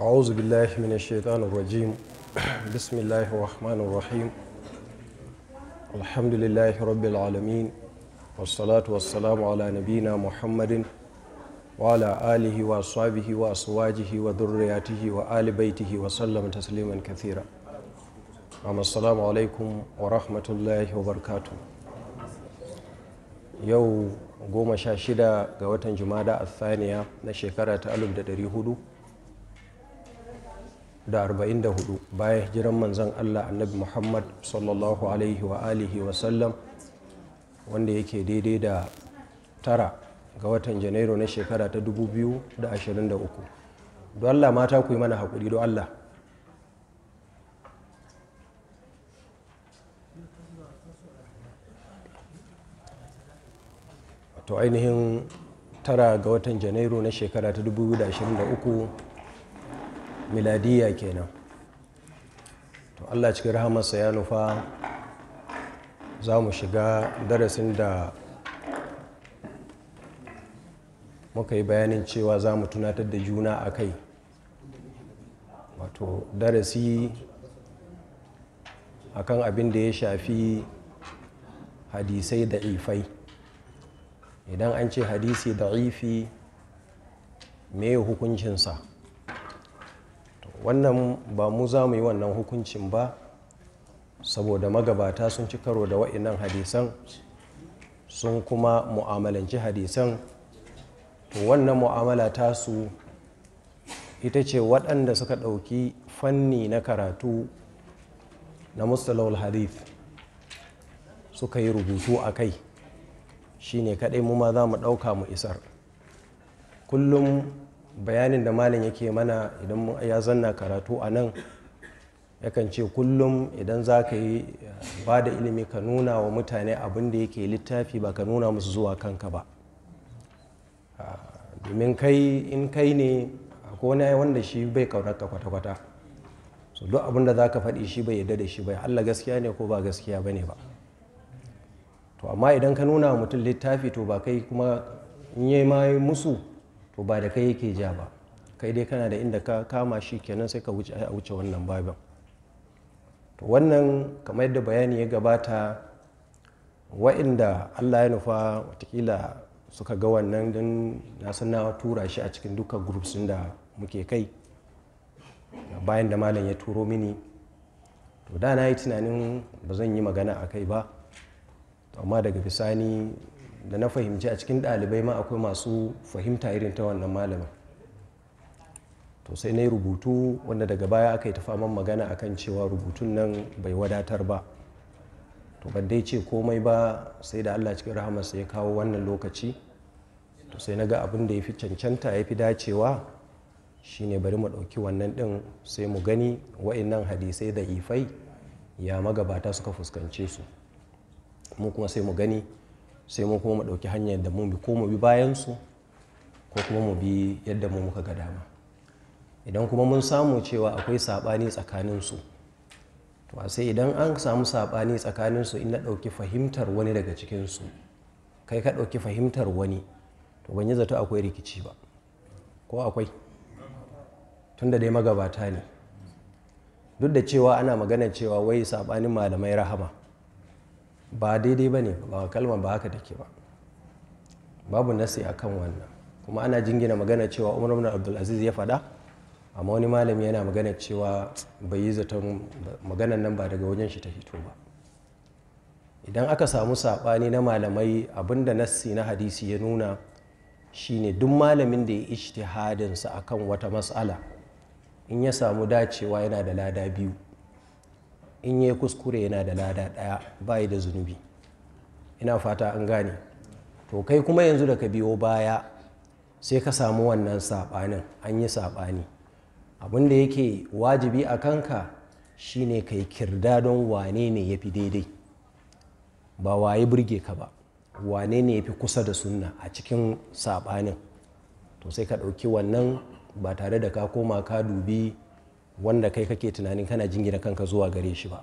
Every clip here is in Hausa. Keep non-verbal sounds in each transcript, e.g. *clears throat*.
أعوذ بالله من الشيطان الرجيم بسم الله الرحمن الرحيم الحمد لله رب العالمين والصلاة والسلام على نبينا محمد وعلى آله وأصحابه وأصواجه وذرياته وآل بيته وسلم تسليما كثيرا أما السلام عليكم ورحمة الله وبركاته يوم قوم sha قوة جمادة الثانية jumada a na shekara da arba'in da hudu bayan hijiran manzan allah annabi muhammad sallallahu alaihi wa alihi wasallam wanda yake daidai da tara ga watan janairu na shekara ta 2023 don allah mata ku yi mana haƙuri don allah to ainihin tara ga watan janairu na shekara ta 2023 miladiya kenan to allah cikin rahamarsa ya nufa za mu shiga darasin da muka yi bayanin cewa za mu tunatar da juna a kai wato darasi akan abin da ya shafi hadisai da ifai idan an ce hadisi da ifi me hukuncinsa wannan ba mu za mu yi wannan hukuncin ba saboda magabata sun ci karo da wa'innan hadisan sun kuma mu'amalanci hadisan to wannan mu'amala ta su ita ce waɗanda suka ɗauki fanni na karatu na mustalawul hadith suka yi rubutu a kai shi ne kaɗai mu ma za mu ɗauka mu isar kullum bayanin da malam yake mana idan ya zanna karatu a nan yakan ce kullum idan za ka yi eh, ba da ilimi ka nuna wa mutane abin da yake littafi ba ka nuna musu zuwa kanka ba ah, domin kai in kai ne akwai wani wanda shi bai kaunar ka kwata-kwata so duk abin da za ka faɗi shi bai yarda da shi bai allah gaskiya ne ko ba gaskiya ba ne ba to amma idan ka nuna mutum littafi to ba kai kuma in yi musu to ba da kai yake ja ba kai dai kana da inda ka kama shi kenan sai ka wuce a wuce wannan babin to wannan kamar yadda bayani ya gabata wa'inda allah ya nufa watakila suka ga wannan don nasu na tura shi a cikin duka groups da muke kai bayan da malam ya turo mini to da na yi tunanin ba zan yi magana a kai ba amma daga bisani da na fahimci a cikin ɗalibai ma akwai masu fahimta irin ta wannan malamin to sai na yi rubutu wanda daga baya aka yi ta faman magana akan cewa rubutun nan bai wadatar ba to ban dai ce komai ba sai da allah cikin rahamarsa ya kawo wannan lokaci to sai na ga abin da ya fi cancanta ya fi dacewa shine bari mu ɗauki wannan ɗin sai mu gani wa'innan hadisai da ifai ya magabata suka fuskance su mu kuma sai mu gani sai mu kuma mu ɗauki hanyar da mu bi ko mu bi bayansu ko kuma mu bi yadda mu muka ga dama idan kuma mun samu cewa akwai saɓani tsakaninsu to sai idan an samu saɓani tsakaninsu in na ɗauki fahimtar wani daga cikinsu kai ka ɗauki fahimtar wani to ban yi zato akwai rikici ba ko akwai tunda dai magabata ne duk da cewa ana magana cewa wai saɓanin malamai rahama ba daidai ba ne ba kalmar ba haka take ba babu nasi a kan wannan kuma ana jingina magana cewa umar ibn abdulaziz ya faɗa amma wani malami yana magana cewa bai yi zaton maganan nan ba daga wajen shi ta fito ba idan aka samu saɓani na malamai abinda nassi na hadisi ya nuna shine duk malamin da ya ishtihadinsa akan wata matsala in ya samu dacewa yana da lada biyu in ya kuskure yana da lada ɗaya bayi da zunubi ina fata an gane to kai kuma yanzu da ka biyo baya sai ka samu wannan saɓanin an yi saɓani abun da yake wajibi a kanka shine kai kirda don wane ne ya fi daidai ba waye burge ka ba wane ne ya fi kusa da sunna a cikin saɓanin to sai ka ɗauki wannan ba tare da ka koma ka dubi wanda kai kake tunanin kana jingina kanka zuwa gare shi ba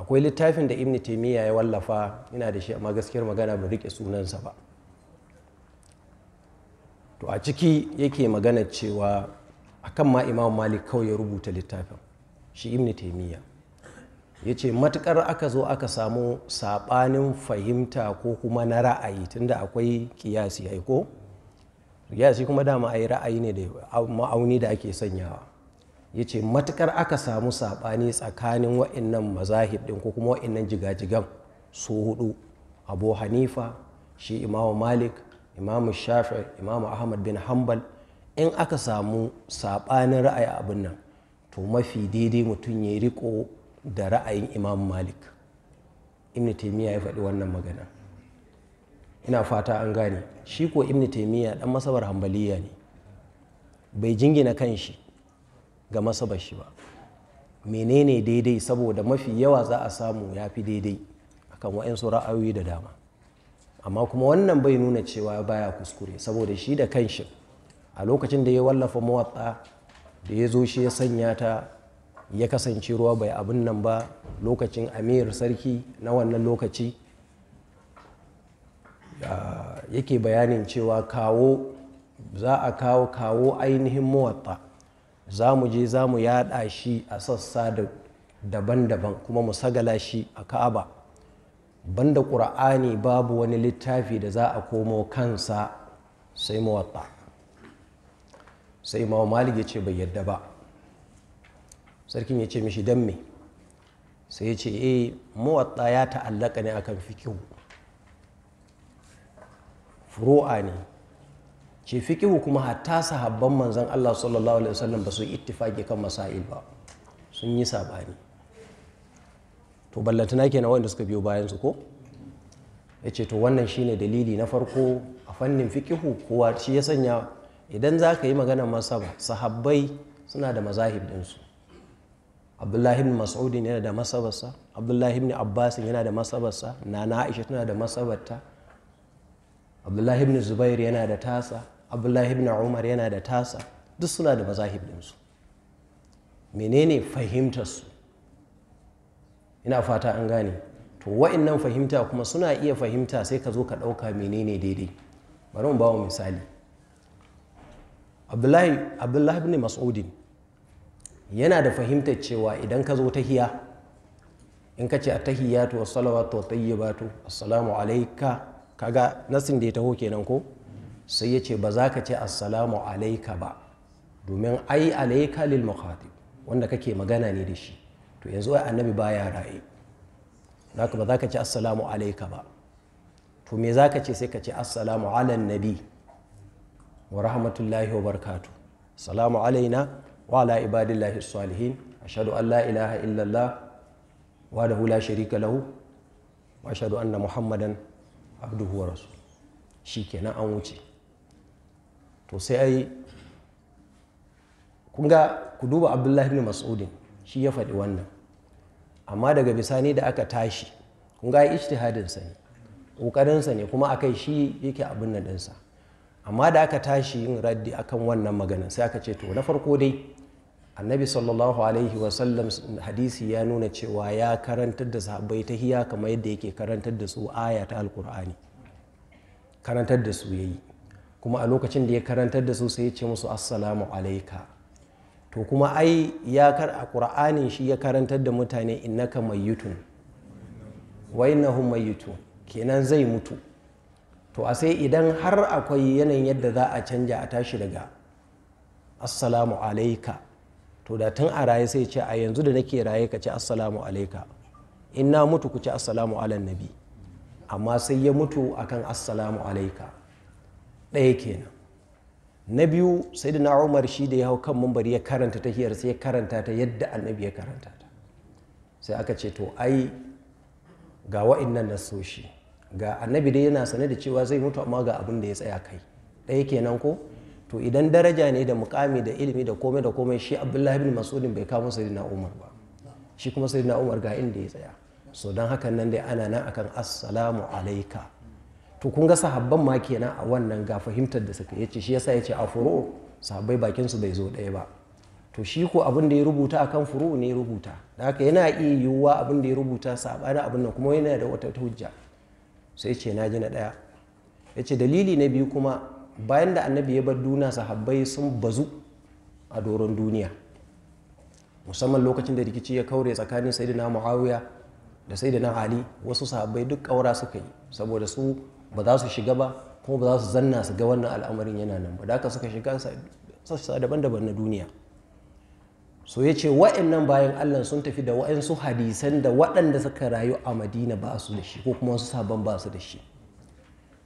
akwai littafin da ibn taimiyya ya wallafa ina da shi amma gaskiyar magana ban rike sunansa ba to a ciki yake magana cewa akan ma imam malik kawai ya rubuta littafin shi ibn taimiyya ya ce matukar aka zo aka samu saɓanin fahimta ko kuma na ra'ayi tunda akwai kiyasi ko kiyasi kuma dama yi ra'ayi ne da ma'auni da ake sanyawa ya ce matukar aka samu saɓani tsakanin wa'innan mazahib ɗin ko kuma wa'innan jigajigan su hudu abu hanifa shi imamu malik imamu shafi imamu ahmad bin hanbal in aka samu saɓanin ra'ayi abin nan to mafi daidai mutum ya riko da ra'ayin imamu malik ibn taimiyya ya faɗi wannan magana ina fata an gane shi ko ibn taimiyya ɗan masabar hambaliya ne bai jingina kan shi ga masabashi shi ba menene daidai saboda mafi yawa za a samu ya fi daidai akan wa'insu ra'ayoyi da dama amma kuma wannan bai nuna cewa baya kuskure saboda shi da kanshi a lokacin da ya wallafa mawatsa da ya zo shi ya sanya ta ya kasance ruwa bai abin nan ba lokacin amir sarki na wannan lokaci yake bayanin cewa kawo za a kawo kawo ainihin muwatta za mu je za mu yada shi a sassa daban-daban kuma mu sagala shi a ka'aba banda ƙur'ani babu wani littafi da za a komo kansa sai mawatta sai imamu malik ya ce bai yadda ba sarkin ya ce mishi dan me sai ya ce e, eh, mawatta ya ta'allaka ne akan fikihu furu'a ne ce fikihu kuma hatta sahabban manzon Allah sallallahu alaihi wasallam ba su ittifaki kan masail ba sun yi sabani to ballantana kenan wanda suka biyo bayan su ko yace to wannan shine dalili na farko a fannin fikihu kowa shi ya sanya idan za ka yi magana masaba sahabbai suna da mazahib ɗinsu abdullahi ibn mas'udin yana da masabarsa abdullahi ibn abbasin yana da masabarsa nana aisha tana da masabarta abdullahi ibn zubair yana da tasa abdullahi ibn umar yana da tasa duk suna da mazahib ɗinsu menene fahimtarsu ina fata an gane to nan fahimta kuma suna iya fahimta sai ka zo ka ɗauka menene daidai bari mu bawa misali abdullahi abdullahi ibn mas'udin yana da fahimtar cewa idan ka zo tahiya in ka ce a attahiyatu wassalawatu wattayyibatu assalamu alayka kaga nasin da ya taho kenan ko sai ya ce ba za ka ce assalamu alaika ba domin ai alaika lil wanda kake magana ne da shi to yanzu ai annabi baya raye ba za ka ce assalamu alaika ba to me za ka ce sai ka ce assalamu ala nabi wa rahmatullahi wa barkatu salamu alaina wa ala ibadillahi salihin ashhadu an la ilaha illallah wa dahu la sharika lahu wa ashhadu anna muhammadan abduhu wa rasul shikenan an wuce to sai ai kun ga ku duba abdullahi ibn mas'udin shi ya faɗi wannan amma daga bisani da aka tashi kun ga sa ne ƙoƙarinsa ne kuma akai shi yake abin nan amma da aka tashi yin raddi akan wannan maganin sai aka ce to na farko dai annabi sallallahu alaihi sallam hadisi ya nuna cewa ya karantar da sahabbai ta hiya kamar yadda yake karantar da su aya ta alkur'ani karantar da su yayi kuma a lokacin da ya karantar da su sai ya ce musu assalamu alaika to kuma ai ya kar a ƙura'anin shi ya karantar da mutane innaka mayyutun wa mai yutu kenan zai mutu to a sai idan har akwai yanayin yadda za a canja a tashi daga assalamu alaika to da tun a raye sai ce a yanzu da nake raye ka ce assalamu alaika in na mutu ku ce assalamu alan nabi amma sai ya mutu akan assalamu alaika ɗaya kenan na biyu sai da umar shi da ya hau kan mambari ya karanta hiyar sai ya karanta ta yadda annabi ya karanta ta sai aka ce to ai ga wa'innan shi. ga annabi dai yana sane da cewa zai mutu amma ga abin da ya tsaya kai ɗaya kenan ko to idan daraja ne da mukami da ilimi da komai da komai shi abdullahi bin masudin bai kamo na umar ba shi kuma na umar ga inda ya tsaya so don hakan nan dai ana nan akan assalamu alaika to kun ga sahabban ma kenan a wannan ga fahimtar da suka yace shi yasa yace a furu sahabbai bakin su bai zo ɗaya ba to shi ko abin da ya rubuta akan furu ne rubuta da haka yana iya yiwuwa abin da ya rubuta sabanin abin nan kuma yana da wata hujja sai ce na ji na ɗaya yace dalili na biyu kuma bayan da annabi ya bar duniya sahabbai sun bazu a doron duniya musamman lokacin da rikici ya kaure tsakanin sayyidina muawiya da sayyidina ali wasu sahabbai duk ƙaura suka yi saboda su ba za su shiga ba kuma ba za su zanna su ga wannan al'amarin yana nan ba da haka suka shiga sassa daban-daban na duniya so ya ce wa'annan bayan allah sun tafi da wa'ansu hadisan da waɗanda suka rayu a madina ba su da shi ko kuma wasu sabon ba su da shi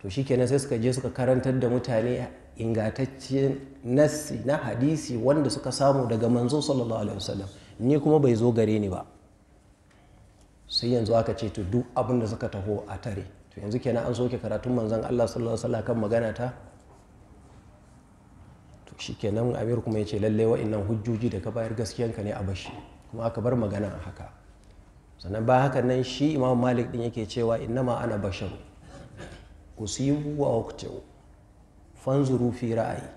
to shi kenan sai suka je suka karantar da mutane ingantaccen nassi na hadisi wanda suka samu daga manzo sallallahu alaihi wasallam ni kuma bai zo gare ni ba sai yanzu aka ce to duk abin da suka taho a tare to yanzu kenan an soke karatun manzan Allah sallallahu alaihi wasallam kan magana ta to kenan Amir kuma yace lalle wa'annan hujjoji da ka bayar gaskiyanka ne a bashi kuma aka bar magana a haka sannan ba hakan nan shi Imam Malik din yake cewa ma ana basharu usibu wa uqtu fanzuru fi ra'ayi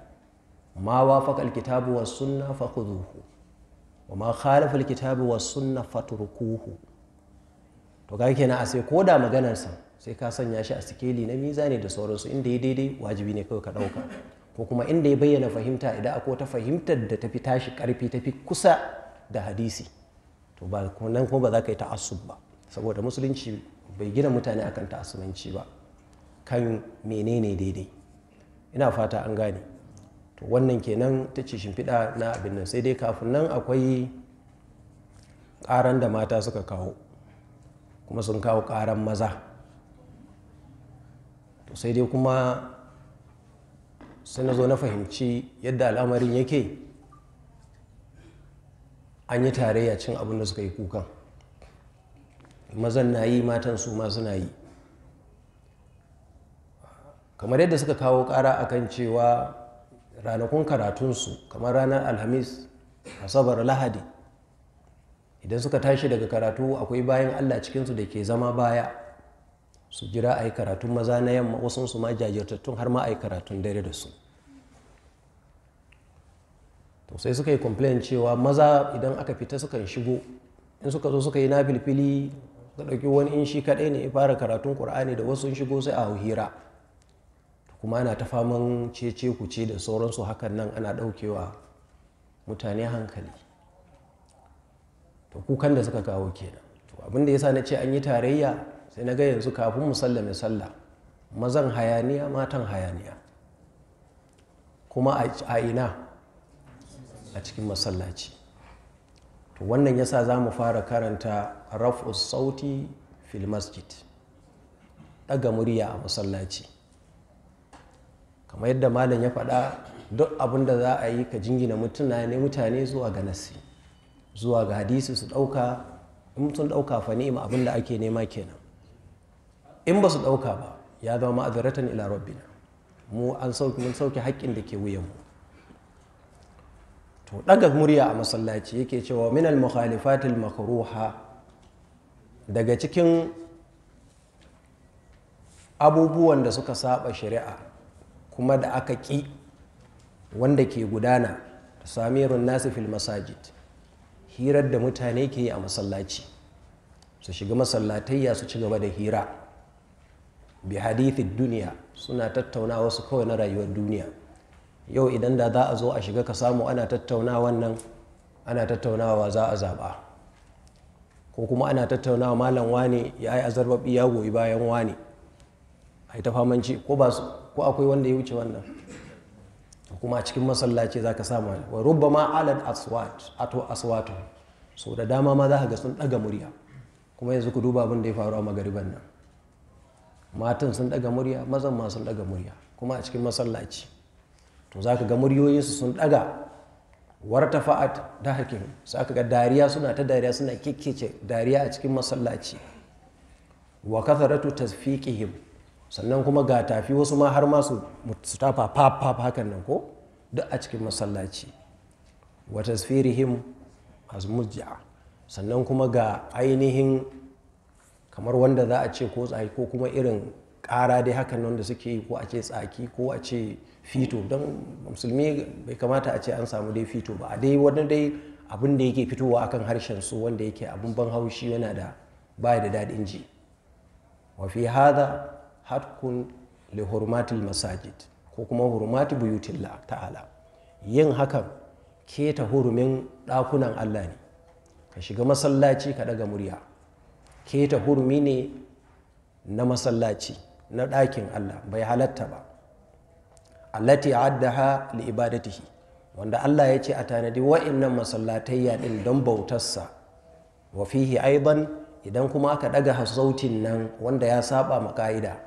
ma wafaq alkitabu was-sunnah khudhuhu wa ma khalafa alkitabu was-sunnah fatrukuhu to ga kenan a sai koda maganar sa sai ka sanya shi a sikeli na miza ne da sauransu inda ya daidai wajibi ne kawai ka ɗauka ko kuma inda ya bayyana fahimta idan akwai ta fahimtar da tafi tashi karfi tafi kusa da hadisi to ba nan kuma ba za ka yi ta'assub ba saboda musulunci bai gina mutane akan ta'assubanci ba kan menene daidai ina fata an gane to wannan kenan ta ce shimfiɗa na abin nan sai dai kafin nan akwai ƙaran da mata suka kawo kuma sun kawo ƙaran maza to sai dai kuma sai na zo na fahimci yadda al'amarin yake an yi tarayya cin abin da suka yi kukan mazan na yi matan su ma suna yi kamar yadda suka kawo kara kan cewa ranakun karatunsu kamar ranar alhamis asabar lahadi idan suka tashi daga karatu akwai bayan allah cikinsu da ke zama baya su jira a yi karatun maza na yamma wasu su ma jajirtattun har ma a yi karatun dare da su to sai suka yi complain cewa maza idan aka fita sukan shigo in suka zo suka yi na filfili ga ɗauki wani in shi kaɗai ne ya fara karatun ƙur'ani da wasu shigo sai a hira kuma ana ta faman cece ce da sauransu hakan nan ana ɗaukewa mutane hankali to kukan da suka kawo kenan to abinda yasa na ce an yi tarayya sai na ga yanzu kafin mu sallame sallah mazan hayaniya matan hayaniya kuma a ina a cikin masallaci to wannan yasa za mu fara karanta raf'us sauti fil masjid daga murya a masallaci kamar yadda malam ya faɗa duk abin da za a yi ka jingina ne mutane zuwa ga nasi zuwa ga hadisi su ɗauka in sun ɗauka fa ni'ima abin da ake nema kenan in ba su ɗauka ba ya zama ma'azaratan ila rabbina mu an sauke mun haƙƙin da ke wuyan mu to ɗaga murya a masallaci yake cewa min al mukhalifatil makruha daga cikin abubuwan da suka saba shari'a kuma da aka ƙi wanda ke gudana samirun nasi fil masajid hirar da mutane ke yi a masallaci su shiga masallatayya su ci gaba da hira bi hadithin duniya suna tattauna wasu kawai na rayuwar duniya yau idan da za a zo a shiga ka samu ana tattauna wannan ana tattaunawa za a zaɓa ko kuma ana tattaunawa malam wane ya yi azarbaɓi ya goyi bayan wane a yi ta famanci ko ba ko akwai wanda ya wuce wannan kuma a cikin masallaci za ka samu wa rubba ma alad ato aswatu so da dama ma za ka ga sun ɗaga murya kuma yanzu ku duba abin da ya faru a magariban nan matan sun daga murya mazan ma sun daga murya kuma a cikin masallaci to za ka ga muryoyinsu sun daga warta fa'at da hakim su ka ga dariya suna ta dariya suna kikkece dariya a cikin masallaci wa kasaratu tasfiqihim sannan kuma ga tafi wasu ma har ma su tafa fafaf hakan nan ko duk a cikin masallaci wa tasfirihim azmujja sannan kuma ga ainihin kamar wanda za a ce ko tsaki ko kuma irin kara dai hakan nan da suke yi ko a ce tsaki ko a ce fito don musulmi bai kamata a ce an samu dai fito ba a dai wani dai abin da yake fitowa akan harshen su wanda yake abin ban haushi yana da baya da daɗin ji wa fi hada hatkun li hurmatil masajid ko kuma hurmati buyutillah ta'ala yin hakan keta hurumin ɗakunan Allah ne ka shiga masallaci ka ɗaga murya keta hurmi ne na masallaci na ɗakin Allah bai halatta ba allati addaha li ibadatihi wanda Allah ya ce a tanadi masallatai ya din don bautarsa wa fihi aidan idan kuma aka ɗaga hasautin nan wanda ya saba ma ka'ida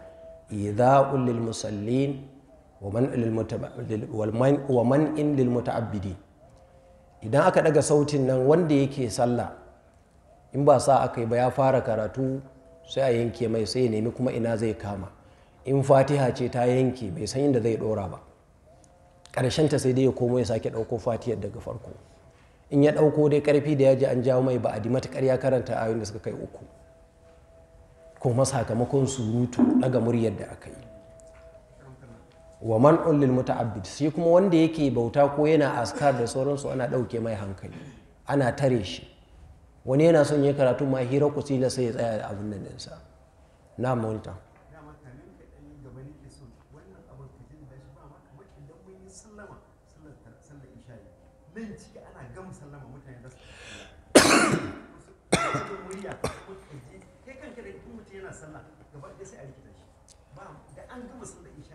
idha'ul lil musallin wa man in lil idan aka ɗaga sautin nan wanda yake sallah in ba sa aka yi ba ya fara karatu sai a yanke mai sai ya nemi kuma ina zai kama in fatiha ce ta yanke bai san inda zai dora ba ta sai dai ya komo ya sake ɗauko fatihar daga farko in ya ɗauko dai ƙarfi da ya ji an jawo mai ba a di matuƙar ya karanta ayoyin da suka kai uku kuma sakamakon surutu ɗaga muryar da aka yi wa man ulil muta'abbid shi kuma wanda yake bauta ko yana askar da sauransu ana ɗauke mai hankali ana tare shi wani yana son yi karatu ma hira ku sila sai ya tsaya da abin nan ɗinsa na mawanta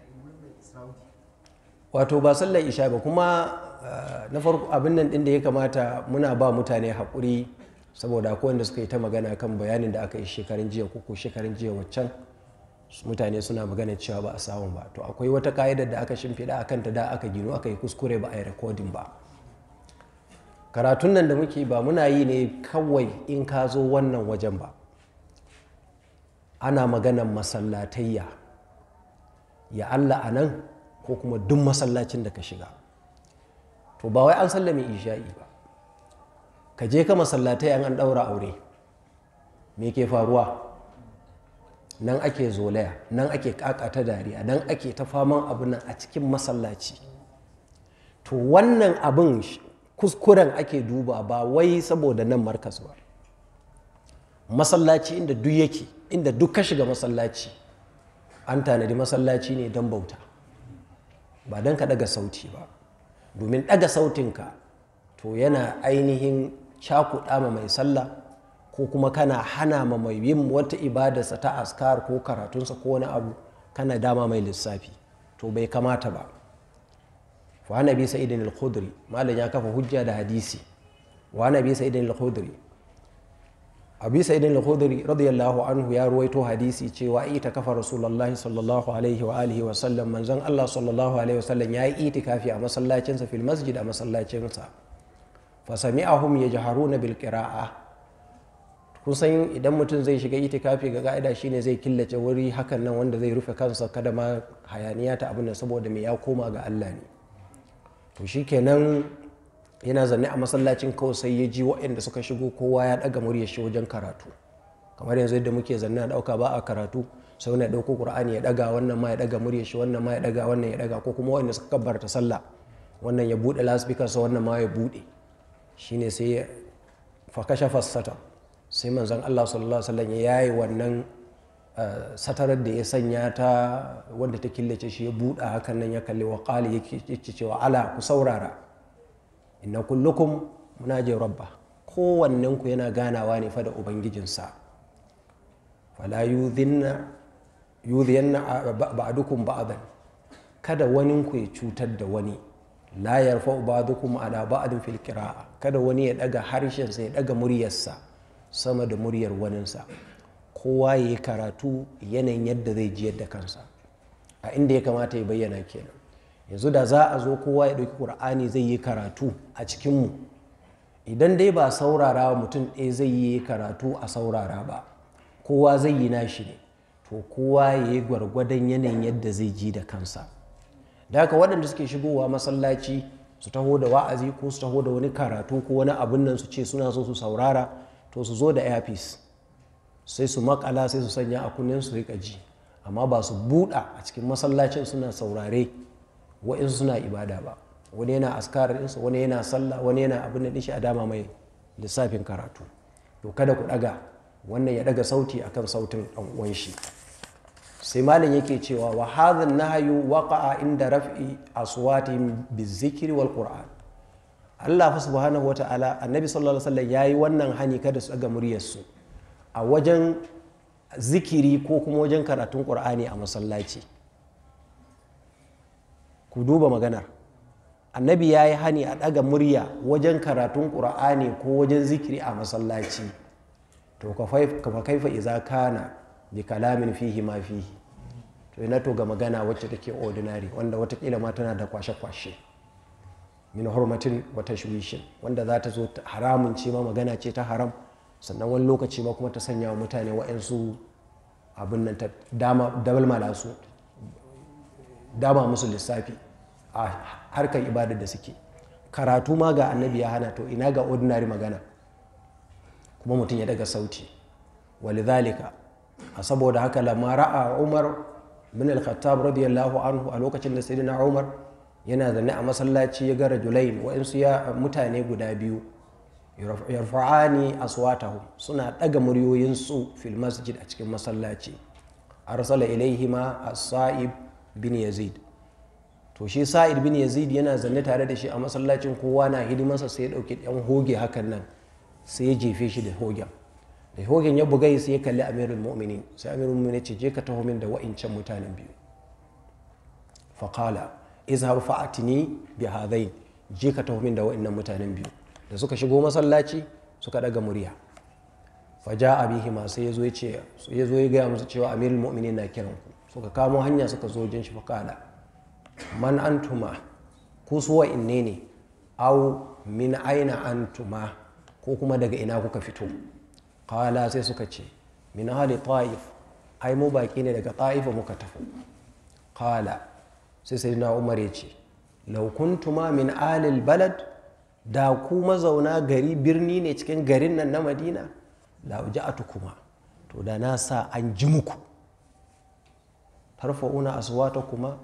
*coughs* wato ba sallar isha ba kuma eh, na farko abin nan ɗin da ya kamata muna ba mutane haƙuri saboda akwai wanda suka yi ta magana kan bayanin da aka yi shekarun jiya ko shekarun jiya waccan mutane suna magana cewa ba a samu ba to akwai wata ka'idar da aka shimfiɗa a kanta da aka gino aka yi kuskure ba a yi rikodin ba karatun nan da muke ba muna yi ne kawai in ka zo wannan wajen ba ana maganan masallatayya ya allah a nan ko kuma duk masallacin da ka shiga to ba wai an sallame isha'i ba ka je ka masallatai yan an ɗaura aure me ke faruwa nan ake zolaya nan ake kakata dariya nan ake ta faman abu nan a cikin masallaci to wannan abin kuskuren ake duba ba wai saboda nan markas ba masallaci inda duk yake inda duk ka shiga masallaci an tanadi masallaci ne don bauta ba don ka ɗaga sauti ba domin daga sautinka to yana ainihin cakuɗa ma mai sallah ko kuma kana hana ma mai yin wata ibadarsa ta askar ko karatunsa ko wani abu kana dama mai lissafi to bai kamata ba wa nabi sa'idin al-khudri malam ya kafa hujja da hadisi wa nabi sa'idin al-khudri abi sa'idin al-khudri radiyallahu anhu ya ruwaito hadisi cewa ita kafa rasulullahi sallallahu alaihi wa alihi wa sallam manzon Allah sallallahu alaihi wa sallam ya yi itikafi a masallacinsa fil masjid a masallacinsa fasami'ahum yajharuna bil qira'a kun san idan mutum zai shiga itikafi ga ka'ida shine zai killace wuri hakan nan wanda zai rufe kansa kada ma hayaniya ta abin saboda mai ya koma ga Allah ne to shikenan yana zanne a masallacin kawai sai ya ji waɗanda suka shigo kowa ya ɗaga murya shi wajen karatu kamar yanzu yadda muke zanne a ɗauka ba a karatu sai wani ya ɗauko ƙur'ani ya ɗaga wannan ma ya ɗaga murya shi wannan ma ya ɗaga wannan ya ɗaga ko kuma waɗanda suka ta sallah wannan ya buɗe laspikar wannan ma ya buɗe shine sai fakasha fassata sai manzon Allah sallallahu alaihi wasallam ya yi wannan eh, satarar da ya sanya ta wanda ta killace shi ya buɗa hakan nan ya kalli wa ya yake cewa ala ku saurara inna kullukum je rabba kowannenku yana ganawa ne fa da ubangijinsa fala yudhiyanna ba'dukum ba'dan kada waninku ya cutar da wani la yarfa ba'dukum ala ba'din fil qira'a kada wani ya daga sa ya ɗaga muryarsa sama da muryar waninsa kowa ya yi karatu yanayin yadda zai ji yadda kansa a inda ya kamata ya bayyana kenan yanzu da za a zo kowa ya ɗauki ƙur'ani zai yi karatu a cikinmu idan dai ba saurara mutum ɗaya zai yi karatu a saurara ba kowa zai yi nashi ne to kowa ya yi gwargwadon yanayin yadda zai ji da kansa da haka waɗanda suke shigowa masallaci su taho da wa'azi ko su taho da wani karatu ko wani abin nan su ce suna so su saurara to su zo da airpiece sai su makala sai su sanya a kunnen su rika ji amma ba su buɗa a cikin masallacin suna saurare wa'insu suna ibada ba wani yana askarar insa wani yana sallah wani yana abin da dishi a dama mai lissafin karatu to kada ku ɗaga wannan ya ɗaga sauti akan sautin ɗan uwan shi sai malam yake cewa wa hadhan nahyu waqa'a inda raf'i aswatihim bizikri wal qur'an Allah fa subhanahu wa ta'ala annabi sallallahu alaihi wasallam yayi wannan hani kada su ga muryar a wajen zikiri ko kuma wajen karatun qur'ani a masallaci ku duba maganar annabi ya yi hani a ɗaga murya wajen karatun ƙur'ani ko wajen zikiri a masallaci to ka kaifa iza kana bi kalamin fihi ma fihi to ina to ga magana wacce take ordinary wanda watakila ma tana da kwashe-kwashe min hurmatin wa tashwishin wanda za ta zo haramun ce ma magana ce ta haram sannan wani lokaci ma kuma ta sanya wa mutane wa'yansu abin nan ta dama dabal su dama musu lissafi a harkar ibadar da suke karatu ma ga annabi ya hana to ina ga ordinary magana kuma mutum ya daga sauti walidhalika a saboda haka lamma ra'a umar bin al-khattab radiyallahu anhu a lokacin da sayyidina umar yana zane a masallaci ya gara rajulain wa'insu ya mutane guda biyu yarfa'ani aswatahum suna daga muryoyin su fil masjid a cikin masallaci arsala ilaihima as-sa'ib bin yazid to shi sa'id bin yazid yana zane tare da shi a masallacin kowa na hidimarsa sai ya dauki yan hoge hakan nan sai ya jefe shi da hogen da hogin ya bugai sai ya kalli amirul mu'minin sai amirul mu'mini ce je ka taho min da wa'incan mutanen biyu faqala izhar fa'atini bi hadain je ka taho min da wa'innan mutanen biyu da suka shigo masallaci suka daga murya bihi ma sai ya zo ya ya gaya musu cewa amirul mu'minin na kiran ku suka kamo hanya suka zo jin shi faqala man antuma ku su wa'inne ne au min aina antuma ko kuma daga ina kuka fito Kala sai suka ce min ahli ta'if ai mu baki ne daga ta'ifa muka tafi kala sai na umar ya ce laukuntuma min alil balad da ku mazauna gari birni ne cikin garin nan na madina la kuma to da na sa an ji muku tarfa'una aswatakuma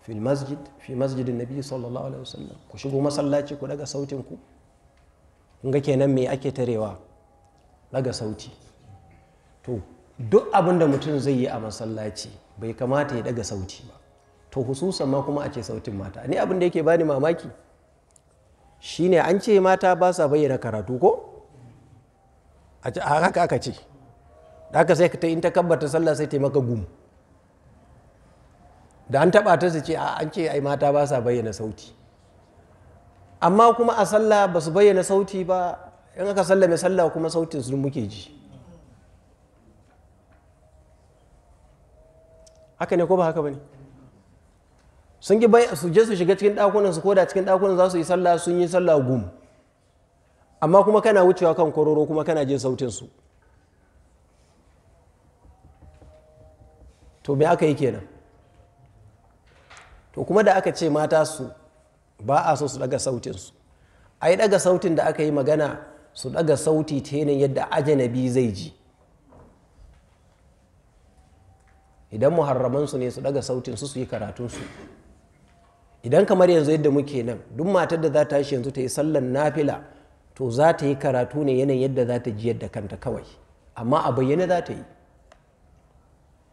fil masjid fi masjidin nabi sallallahu alaihi wasallam ku shigo masallaci ku daga sautin ku kun ga kenan me ake tarewa daga sauti to duk abin da mutum zai yi a masallaci bai kamata ya daga sauti ba to hususan ma kuma a ce sautin mata ni abin da yake bani mamaki shine an ce mata ba sa bayyana karatu ko a haka aka ce da haka sai ta in ta kabbata sallah sai ta maka gum da an taba ta ce ce an ce ai mata ba sa bayyana sauti amma kuma a sallah ba su bayyana sauti ba in aka sallame sallah kuma sautin su muke ji haka ne ko ba haka ba ne sun gi bai su je su shiga cikin ɗakunan su koda cikin ɗakunan za su yi sallah sun yi sallah gum amma kuma kana wucewa kan kororo kuma kana jin sautin su to me aka yi kenan to kuma da aka ce mata su ba a so su daga sautin su ai daga sautin da aka yi magana su ɗaga sauti ta yanayin yadda ajanabi zai ji idan muharramansu ne su daga sautin su su yi karatunsu idan kamar yanzu yadda muke nan duk matar da za ta shi yanzu ta yi sallan nafila to za ta yi karatu ne yanayin yadda za ta ji yadda kanta kawai amma a bayyane za ta yi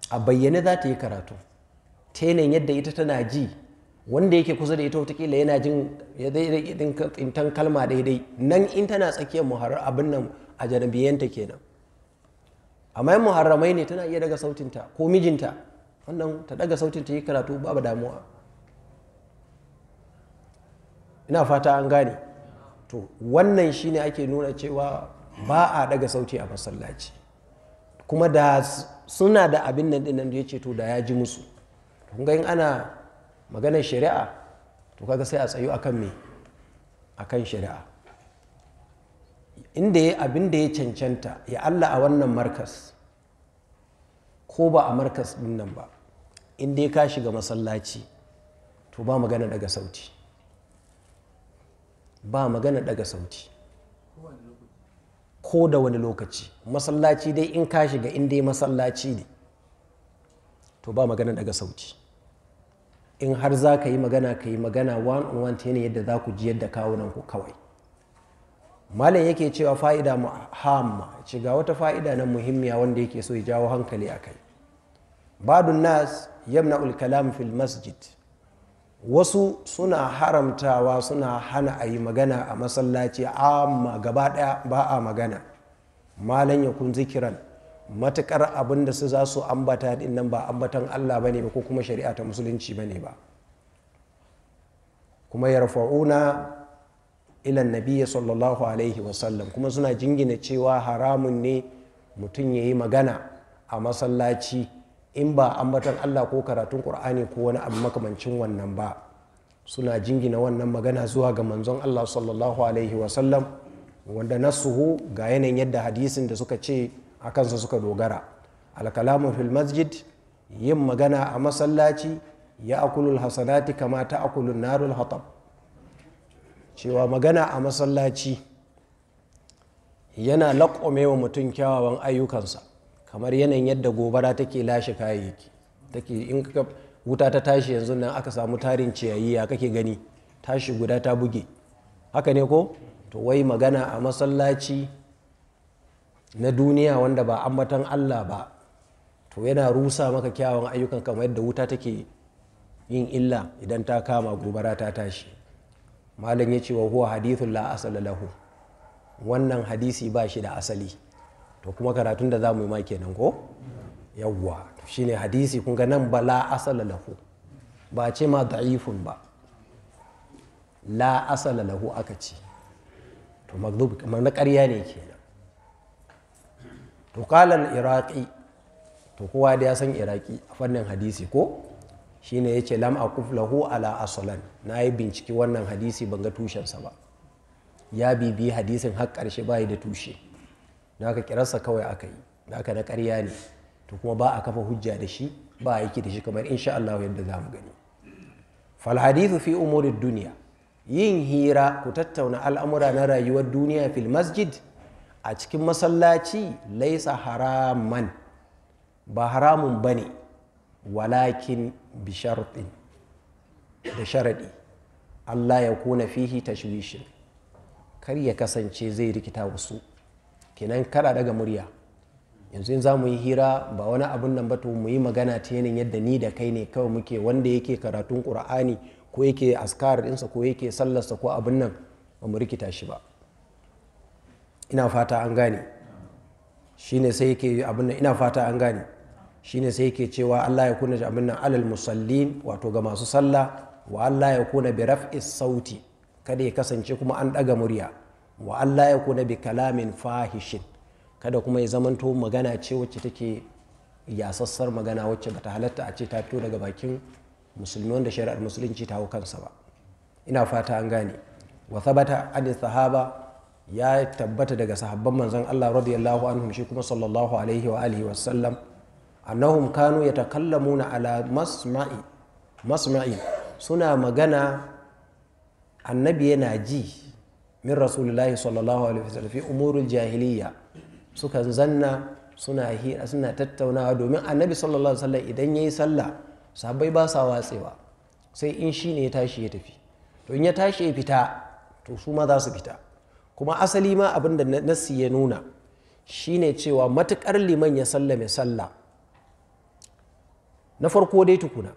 a bayyane za ta yi karatu ta yanayin yadda ita tana ji wanda yake kusa da ita wataƙila yana jin ya daidai tsintan kalma daidai nan in tana tsakiyar muharar abin nan a janabiyanta kenan amma yin muharramai ne tana iya daga sautinta ko mijinta wannan ta daga sautinta yi karatu babu damuwa ina fata an gane to wannan shine ake nuna cewa ba a daga sauti a masallaci kuma da suna da abin nan nan da ya ce to da ya ji musu in ana maganar shari'a to kaga sai a tsayu akan me akan shari'a inda ya abin da ya cancanta ya Allah a wannan markas ko ba a markas din nan ba inda ya ka shiga masallaci to ba magana daga sauti ba magana daga sauti ko da wani lokaci masallaci dai in ka shiga inda ya masallaci ne to ba magana daga sauti in har za ka yi magana ka yi magana one on one ne yadda za ku ji yadda kawunan ku kawai malam yake cewa fa'ida hamma ce ga wata fa'ida na muhimmiya wanda yake so ya jawo hankali a kai badun nas yamna kalam fil masjid wasu suna haramtawa suna hana a yi magana a masallaci amma gaba daya ba a magana malam ya kun zikiran matukar abin da su za su ambata din nan ba ambatan Allah bane ba ko kuma shari'a ta musulunci bane ba kuma yarfa'una ila nabiyyi sallallahu alaihi wasallam kuma suna jingina cewa haramun ne mutum ya yi magana a masallaci in ba ambatan Allah ko karatun Qur'ani ko wani abu makamancin wannan ba suna jingina wannan magana zuwa ga manzon Allah sallallahu alaihi wasallam wanda nasuhu ga yanayin yadda hadisin da suka ce a kansa suka dogara alkalamu fil masjid yin magana a masallaci ya akulul hasanati kama ta akulun narul hatab cewa magana a masallaci yana laƙome wa mutum kyawawan ayyukansa kamar yanayin yadda gobara take lashe kayayyaki take in wuta ta tashi yanzu nan aka samu tarin ciyayi ya kake gani tashi guda ta buge haka ne ko to wai magana a masallaci na duniya wanda ba ambatan Allah ba to yana rusa maka kyawun ayyukan kamar yadda wuta take yin illa idan ta kama gobara ta tashi malam ya ce wa huwa hadithun la asala lahu wannan hadisi ba shi da asali to kuma karatun da za mu yi ma kenan ko yawwa shine hadisi kun ga nan ba la asala lahu ba ce ma da'ifun ba la asala lahu aka ce to magdubi kamar na ƙarya ne kenan to kalan iraqi to kowa da ya san Iraki a fannin hadisi ko Shi shine yace lam akuf lahu ala aslan na yi binciki wannan hadisi ban ga tushensa ba ya bibi hadisin har karshe bai da tushe na ka kirarsa kawai aka yi na ka na karya ne to kuma ba a kafa hujja da shi ba a yake da shi kamar insha Allah yadda za mu gani fal hadithu fi umurin duniya yin hira ku tattauna al'amura na rayuwar duniya fil masjid a cikin masallaci laisa haraman ba haramun ba ne walakin bisharɗin da sharaɗi Allah ya kuna fihi tashwishin kar ya kasance zai rikita wasu kenan kada daga murya yanzu za mu yi hira ba wani abun nan ba to mu yi magana ta yanayin yadda ni da kai ne kawai muke wanda yake karatun ƙur'ani ko yake askar ɗinsa ko yake sallarsa ko abin nan ba mu rikita shi ba ina fata an gane shine sai yake abin nan ina fata an gane shine sai yake cewa Allah ya kuna abin nan alal musallin wato ga masu sallah wa Allah ya kuna bi raf'is sauti kada ya kasance kuma an daga murya wa Allah ya kuna bi kalamin fahishin kada kuma ya zamanto magana ce wacce take yasassar magana wacce bata halatta a ce ta fito daga bakin musulmi wanda shari'ar musulunci ta hau kansa ba ina fata an gane wa thabata an sahaba ya tabbata daga sahabban manzan Allah radiyallahu anhu shi kuma sallallahu alaihi wa alihi wa sallam annahum kanu yatakallamuna ala masma'i masma'i suna magana annabi yana ji min rasulullahi sallallahu alaihi sallam fi umurul jahiliya suka zanna suna hira suna tattaunawa domin annabi sallallahu alaihi sallam idan yayi sallah sabai ba sa watsewa sai in shine ya tashi ya tafi to in ya tashi ya fita to su ma za su fita kuma asali ma abin da nassi ya nuna shine cewa matukar liman ya sallame sallah na farko dai tukuna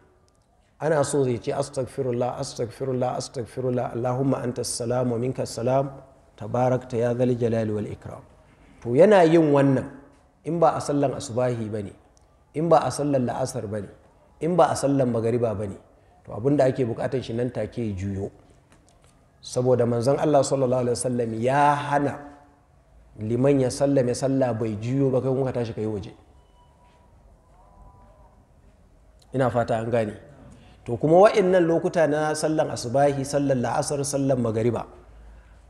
ana so zai ce astaghfirullah astaghfirullah astaghfirullah allahumma anta salam wa minka salam tabarakta ya zal jalali wal ikram to yana yin wannan in ba a sallan asubahi bane in ba a sallan la'asar bane in ba a sallan magariba bane to abin da ake bukatar shi nan take juyo saboda manzon Allah sallallahu alaihi wasallam ya hana liman ya sallame sallah bai juyo ba kai kuma tashi kai waje ina fata an gane to kuma wa'annan lokuta na sallan asubahi sallan la'asar sallan magariba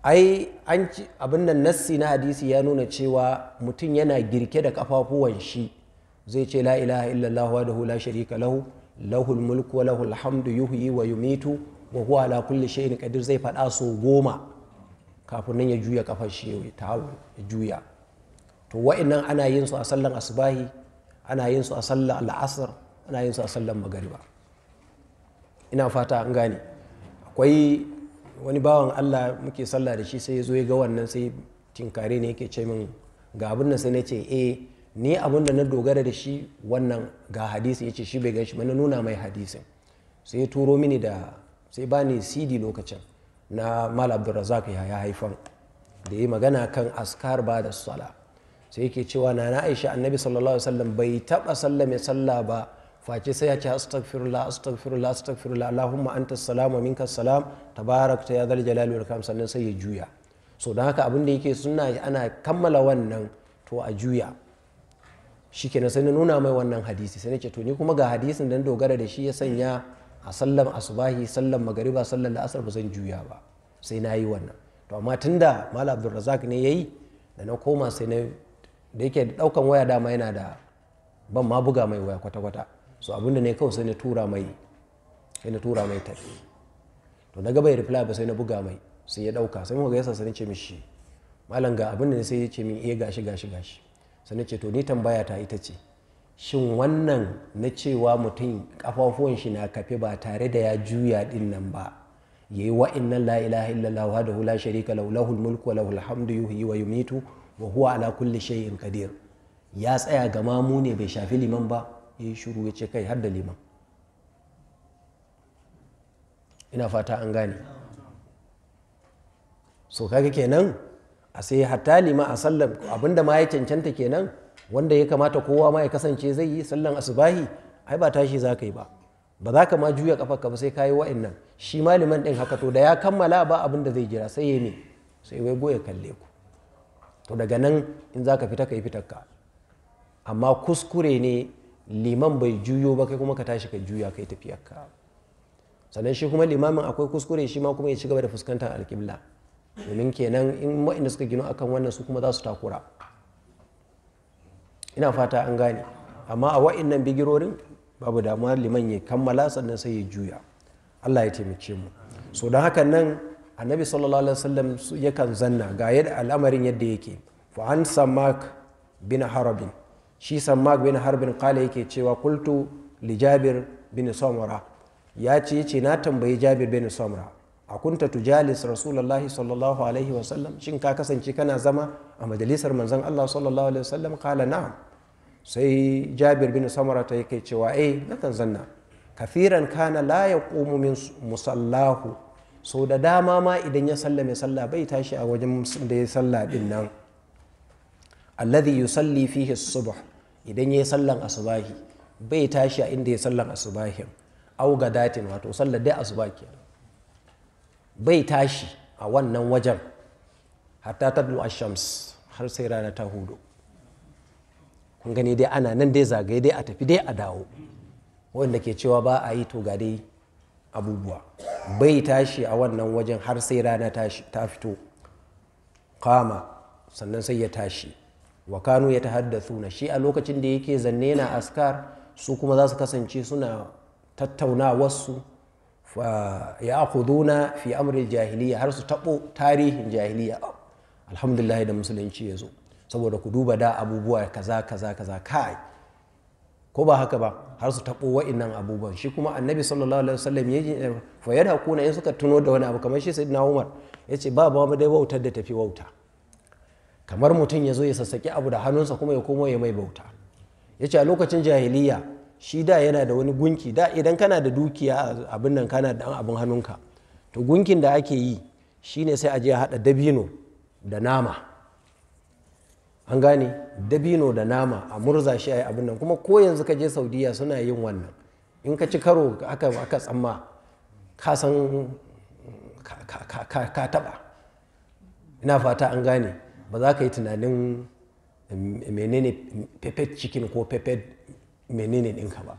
ai an abin nan nassi na hadisi ya nuna cewa mutum yana girke da kafafuwan shi zai ce la ilaha illallah wa la sharika lahu lahul mulku wa lahul hamdu yuhyi wa yumitu wa huwa ala kulli shay'in qadir zai faɗa so goma kafin nan ya juya kafar shi ya ya juya to wa'annan ana yin su a sallan asbahi ana yin su a sallan al'asr ana yin su a sallan magariba ina fata an gane akwai wani bawan Allah muke sallah da shi sai ya zo ya ga wannan sai tinkare ne yake ce min ga abin da sai na ce eh ni abin da na dogara da shi wannan ga hadisi ya ce shi bai gan shi ba na nuna mai hadisin sai ya turo mini da sai ba ni cd lokacin na mal abdulrazak ya haifan da yi magana kan askar ba da sala sai yake cewa na na aisha annabi sallallahu alaihi wasallam bai taba sallame sallah ba face sai ya ce astaghfirullah astaghfirullah astaghfirullah allahumma anta salamu minka salam tabarakta ya zal jalali wal sannan sai ya juya so don haka abin da yake suna ana kammala wannan to a juya shi sai na nuna mai wannan hadisi sai na ce to ni kuma ga hadisin dan dogara da shi ya sanya a sallan asubahi sallan magariba sallan la'asar ba zan juya ba sai na yi wannan to amma tun da malam abdulrazak ne ya yi da na koma sai na da yake daukan waya dama yana da ban ma buga mai waya kwata-kwata so abinda ne kawai sai na tura mai sai na tura mai tafi to na gaba ya rifla ba sai na buga mai sai ya dauka sai mu ga yasa sai ce mishi malam ga abinda ne sai ya ce min eh gashi gashi gashi sai na ce to ni tambaya ta ita ce shin wannan na cewa mutum kafafuwan shi na kafe ba tare da ya juya din nan ba yayi wa inna la ilaha illallah wa la sharika lahu lahul mulku wa lahul hamdu yuhyi wa yumitu wa huwa ala kulli shay'in qadir ya tsaya ga mamu ne bai shafi liman ba yayi shuru ya ce kai har da liman ina fata an gane so kaga kenan a sai hatta lima a sallar abinda ma ya cancanta kenan wanda ya kamata kowa ma ya kasance zai yi sallan asubahi ai ba tashi za ka yi ba ba za ka ma juya kafar ka ba sai ka kayi wa'annan shi maliman ɗin haka to da ya kammala ba abin da zai jira sai ya ne sai wai goya kalle ku to daga nan in za ka fita ka yi fitar ka amma kuskure ne liman bai juyo ba kai kuma ka tashi ka juya kai tafiyar ka sannan shi kuma limamin akwai kuskure shi ma kuma ya ci gaba da fuskantar alƙibla domin kenan in da suka gino akan wannan su kuma za su takura ina fata an gane amma a wa'innan bigirorin babu damuwa liman ya kammala sannan sai ya juya allah ya taimake mu so don haka nan annabi sallallahu alaihi wasallam yakan zanna ga yadda al'amarin yadda yake fa an samak bin harabin shi samak bin harbin kala yake cewa kultu li jabir bin samura ya ce yace na tambayi jabir bin samura a kunta tujalis rasulullahi sallallahu alaihi wasallam shin ka kasance kana zama a majalisar manzon allah sallallahu alaihi wasallam kala na'am sai jabir bin samara ta yake cewa eh kan zanna kafiran kana la yaqumu min musallahu so da dama ma idan ya mai sallah bai tashi a wajen da ya salla din nan alladhi yusalli fihi subh idan ya sallan asubahi bai tashi a inda ya sallan asubahin aw gadatin wato sallar dai asubahi bai tashi a wannan wajen hatta tadlu ash-shams har sai rana ta hudu kun gani dai ana nan dai zagaye dai a tafi dai a dawo wanda ke cewa ba a yi to ga dai abubuwa bai tashi a wannan wajen har sai rana ta fito kama sannan sai ya tashi wa kanu ya na shi a lokacin da yake zanne na askar su kuma za su kasance suna tattauna wasu ya akuduna fi amril jahiliya har su taɓo tarihin jahiliya alhamdulillah da musulunci ya zo saboda ku duba da abubuwa kaza kaza kaza kai ko ba haka ba har su taɓo wa'innan abubuwan shi kuma annabi sallallahu alaihi wasallam ya fa yada kuna in suka tuno da wani abu kamar shi sayyidina Umar ya ce ba ba dai wautar da tafi wauta kamar mutum ya zo ya sassaki abu da hannunsa kuma ya komo ya mai bauta ya ce a lokacin jahiliya shi da yana da wani gunki da idan kana da dukiya abin nan kana da abin hannunka to gunkin da ake yi shine sai a je a haɗa dabino da nama an gane dabino da nama a murza shi a yi abin nan kuma ko yanzu ka je saudiya suna yin wannan in ka ci karo aka aka tsamma ka san ka taba ina fata an gane ba za ka yi tunanin menene pepet chicken ko pepet menene ɗinka ba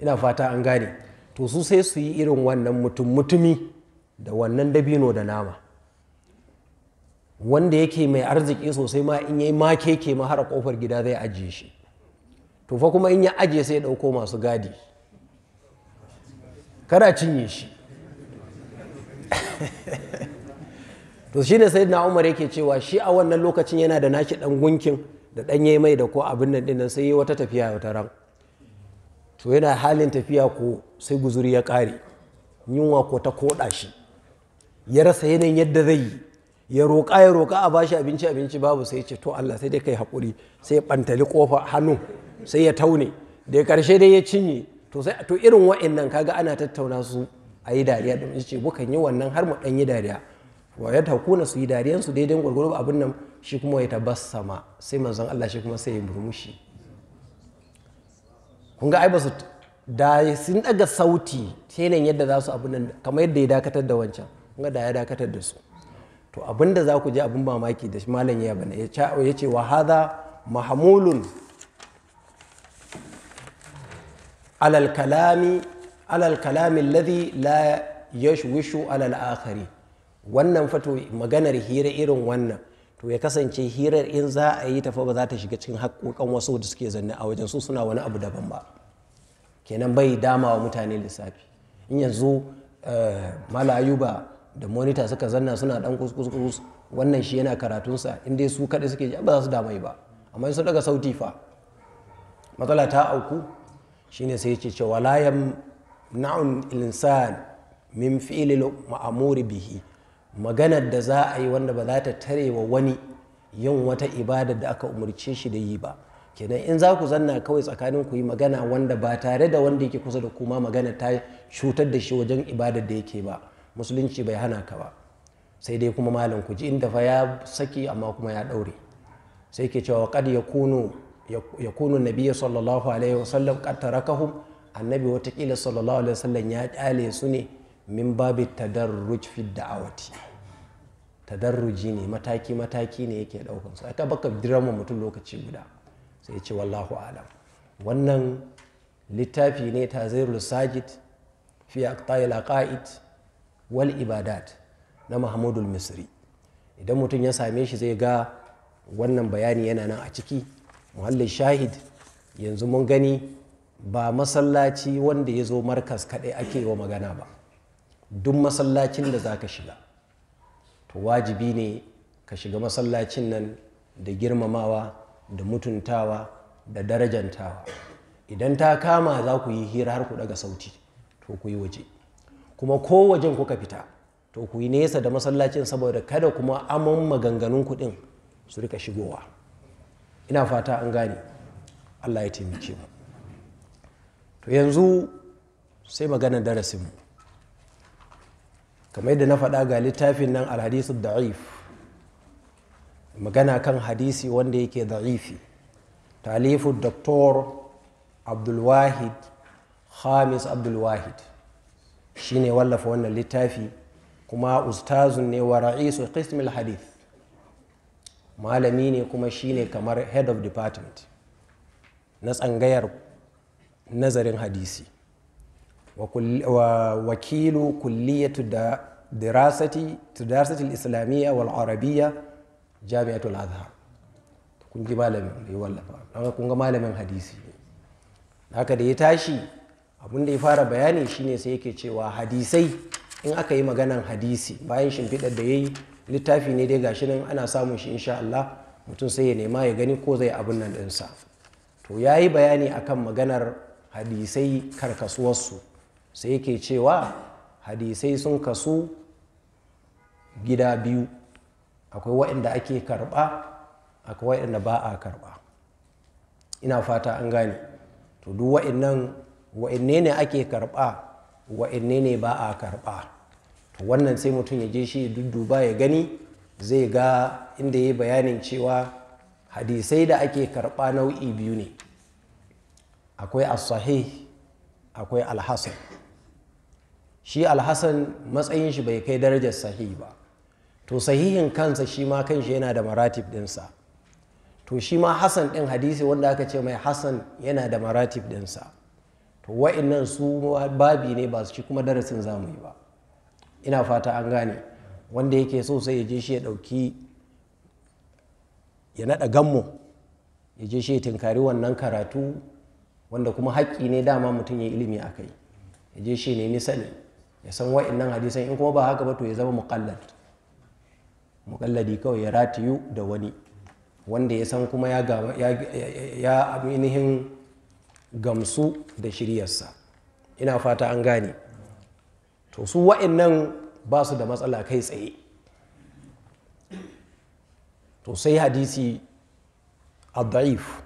ina fata an gane to su sai su yi irin wannan mutum mutumi da wannan dabino da nama wanda yake mai arziki sosai ma in yi make keke ma har kofar gida zai ajiye shi to fa kuma in ya ajiye sai ya dauko masu gadi kada cinye shi *laughs* to shi ne sayyidina umar yake cewa shi a wannan lokacin yana da nashi dan gunkin da dan mai da ko abin nan dinnan sai wata tafiya wata ran to yana halin tafiya ko sai guzuri ya kare yunwa ko ta koda shi ya rasa yanayin yadda zai yi ya roƙa ya roƙa a bashi abinci abinci babu sai ce to Allah sai dai kai hakuri sai ya bantali kofa hannu sai ya taune da karshe dai ya cinye to sai to irin wa'annan kaga ana tattauna su a yi dariya da ce bukan yi wannan har mu dan yi dariya wa ya takuna su yi dariyan su daidai gwargwaro abin nan shi kuma ya tabassama sai manzon Allah shi kuma sai ya murmushi kun ga ai ba su da sun daga sauti kenan yadda za su abin nan kamar yadda ya dakatar da wancan kun ga da ya dakatar da su to abinda za ku ji abin mamaki da malam ya bane ya ce wa hadha mahamulun alal kalami alal kalami alladhi la alal akhari wannan fato maganar hira irin wannan to ya kasance hirar in za a yi tafa ba za ta shiga cikin haƙoƙan wasu da suke zanne a wajen su suna wani abu daban ba kenan bai dama wa mutane lissafi in yanzu eh, mala ayuba da monita suka zanna suna dan kuskus wannan shi yana karatunsa in dai su kaɗai suke ba za su damai ba amma sun daga sauti fa matsala ta auku shine sai ce cewa layan na'un insan min fi'lil ma'amuri bihi maganar da za a yi wanda ba za ta tare wa wani yin wata ibada da aka umarce shi da yi ba kenan in za ku zanna kawai tsakanin ku yi magana wanda ba tare da wanda yake kusa da kuma magana ta cutar da shi wajen ibadar da yake ba musulunci bai hana ka ba sai dai kuma malam ku ji inda fa ya saki amma kuma ya daure sai ke cewa kad ya kunu nabiyyu sallallahu alaihi wasallam kad tarakahum annabi watakila sallallahu alaihi wasallam ya kyale su ne min babi tadarruj fi da'awati tadarruji ne mataki mataki ne yake daukan su aka baka drama mutum lokaci guda sai ce wallahu alam wannan littafi ne tazirul sajid fi aqta'il aqaid wal ibadat na mahmudul misri idan mutum ya same shi zai ga wannan bayani yana nan a ciki muhallin shahid yanzu mun gani ba masallaci wanda ya zo markas kaɗai ake wa magana ba duk masallacin da za ka shiga to wajibi ne ka shiga masallacin nan da girmamawa da mutuntawa da darajantawa idan ta kama za ku yi hira har ku daga sauti to ku yi waje kuma ko wajen kuka fita to ku yi nesa da masallacin saboda kada kuma aman maganganun kuɗin su rika shigowa ina fata an gane allah ya taimake mu to yanzu sai darasin mu kamar yadda na faɗa ga littafin nan alhadisu da'if magana kan hadisi wanda yake da'ifi talifu doktor abdulwahid khamis abdulwahid shine wallafa wannan littafi kuma ustazun ne wa ra'isu qismil hadith malami ne kuma shine kamar head of department na tsangayar nazarin hadisi wa wakilu kulliyatu da dirasati dirasati islamiyya wal arabiyya jami'atul azhar kun ji malamin da ya wallafa kun ga malamin hadisi haka da ya tashi Abun da ya fara bayani shine sai yake cewa hadisai in aka yi maganan hadisi bayan shimfiɗar da ya yi littafi ne dai gashi nan ana samun shi insha Allah mutum sai ya nema ya gani ko zai abun nan ɗinsa to ya yi bayani akan maganar hadisai karkasuwarsu sai yake cewa hadisai sun kasu gida biyu akwai waɗanda ake karɓa akwai waɗanda ba a karɓa ina fata an gane to duk waɗannan wa'inne ne ake karɓa wa'inne ne ba a karɓa wannan sai mutum ya je shi dudduba ya gani zai ga inda ya yi bayanin cewa hadisai da ake karɓa nau'i biyu ne akwai as-sahih akwai al-hasan shi al-hasan matsayin shi bai kai darajar sahih ba to sahihin kansa shi ma kanshi yana da maratib ɗinsa to shi ma hassan ɗin hadisi wanda aka ce mai hasan yana da maratib sa. to wa'annan su babi ne ba su ci kuma darasin zamu ba ina fata an gane wanda yake so sai ya je shi ya dauki ya naɗa gammo ya je shi ya tinkari wannan karatu wanda kuma haƙƙi ne dama mutum ya ilimi a kai ya je shi ne nisa ya san wa'annan hadisan in kuma ba haka ba to ya zama muƙallad muƙalladi kawai ya ratiyu da wani wanda ya san kuma ya ainihin gamsu da shiryarsa ina fata an gane to su wa'annan ba su da matsala kai tsaye to sai hadisi a daif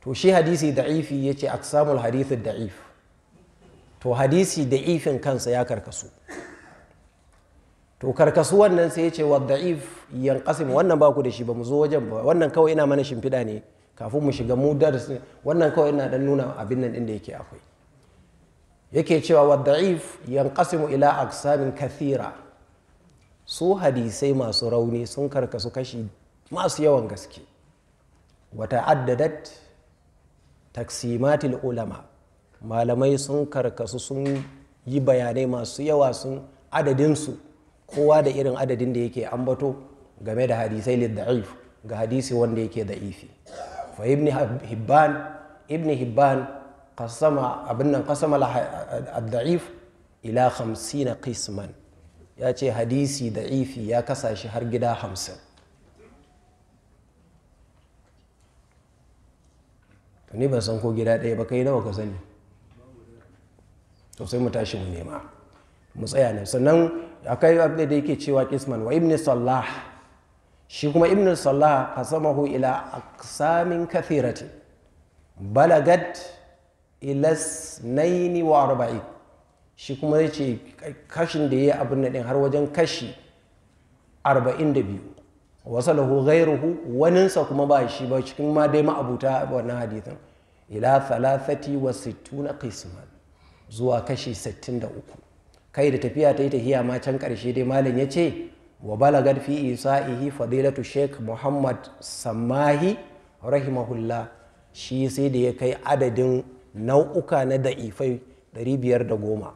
to shi hadisi da'ifi ya ce aksamul hadisi da'if to hadisi da'ifin kansa ya karkasu to karkasu wannan sai ya ce wa da'if yan wannan ba ku da shi ba mu zo wajen ba wannan kawai ina mana shimfiɗa ne kafin mu shiga mu darasi wannan kawai yana dan nuna abin nan din da yake akwai yake cewa wa da'if yanqasimu ila aqsamin kathira su hadisai masu rauni sun karkasu kashi masu yawan gaske wa ta'addadat taksimatil ulama malamai sun karkasu sun yi bayanai masu yawa sun adadinsu kowa da irin adadin da yake ambato game da hadisai lid da'if ga hadisi wanda yake da'ifi fa ibn hibban ibn hibban qasama abin nan qasama ad-da'if ila 50 qisman ya ce hadisi da'ifi ya kasa shi har gida 50 to ni ban san ko gida ɗaya ba kai nawa ka sani Sosai mu tashi mu nema mu tsaya nan sannan akai abin da yake cewa kisman wa ibn sallah shi kuma ibn sallah qasamahu ila Samin, kathirati balagat ila naini wa arba'i shi kuma ya ce kashin da ya yi abin naɗin har wajen kashi arba'in da biyu wasu lahu gairuhu waninsa kuma ba shi ba cikin ma dai ma'abuta wannan hadithin ila thalathati wa sittuna qisman zuwa kashi 63 kai da tafiya ta yi tafiya ma can karshe dai malam ya ce wa balagat fi isa'ihi fadilatu sheikh muhammad samahi rahimahullah shi sai da ya kai adadin nau'uka na da'ifai 510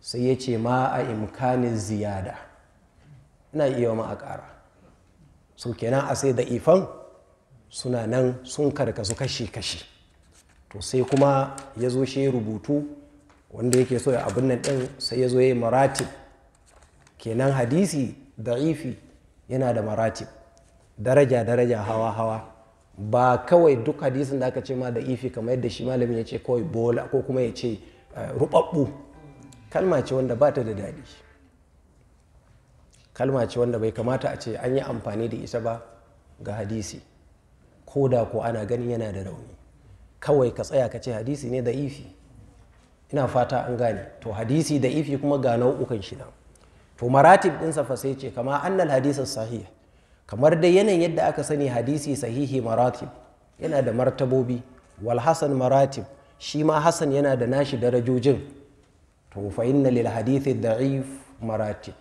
sai ya ce ma a imkanin ziyada ina iya ma a ƙara so kenan a sai da'ifan suna nan sun karkasu kashi-kashi to sai kuma ya zo shi rubutu wanda yake so ya abin nan ɗin sai ya zo ya yi maratib kenan hadisi da'ifi yana da maratib daraja daraja hawa hawa ba kawai duk hadisin da aka ce ma da'ifi kamar yadda shi malamin ya ce kawai bola ko kuma ya ce eh, rubabbu kalma ce wanda ba ta da daɗi kalma ce wanda bai kamata a ce an yi amfani da isa ba ga hadisi ko da ko ana ganin yana da rauni kawai ka tsaya ka ce hadisi ne da ifi ina fata an gane to hadisi da ifi kuma ga nau'ukan shi nan to maratib ɗinsa fa sai ce kama annal hadisa sahih kamar dai yanayin yadda aka sani hadisi sahihi maratib yana da martabobi wal hasan maratib shi ma hasan yana da nashi darajojin to fa inna lil hadithi da'if maratib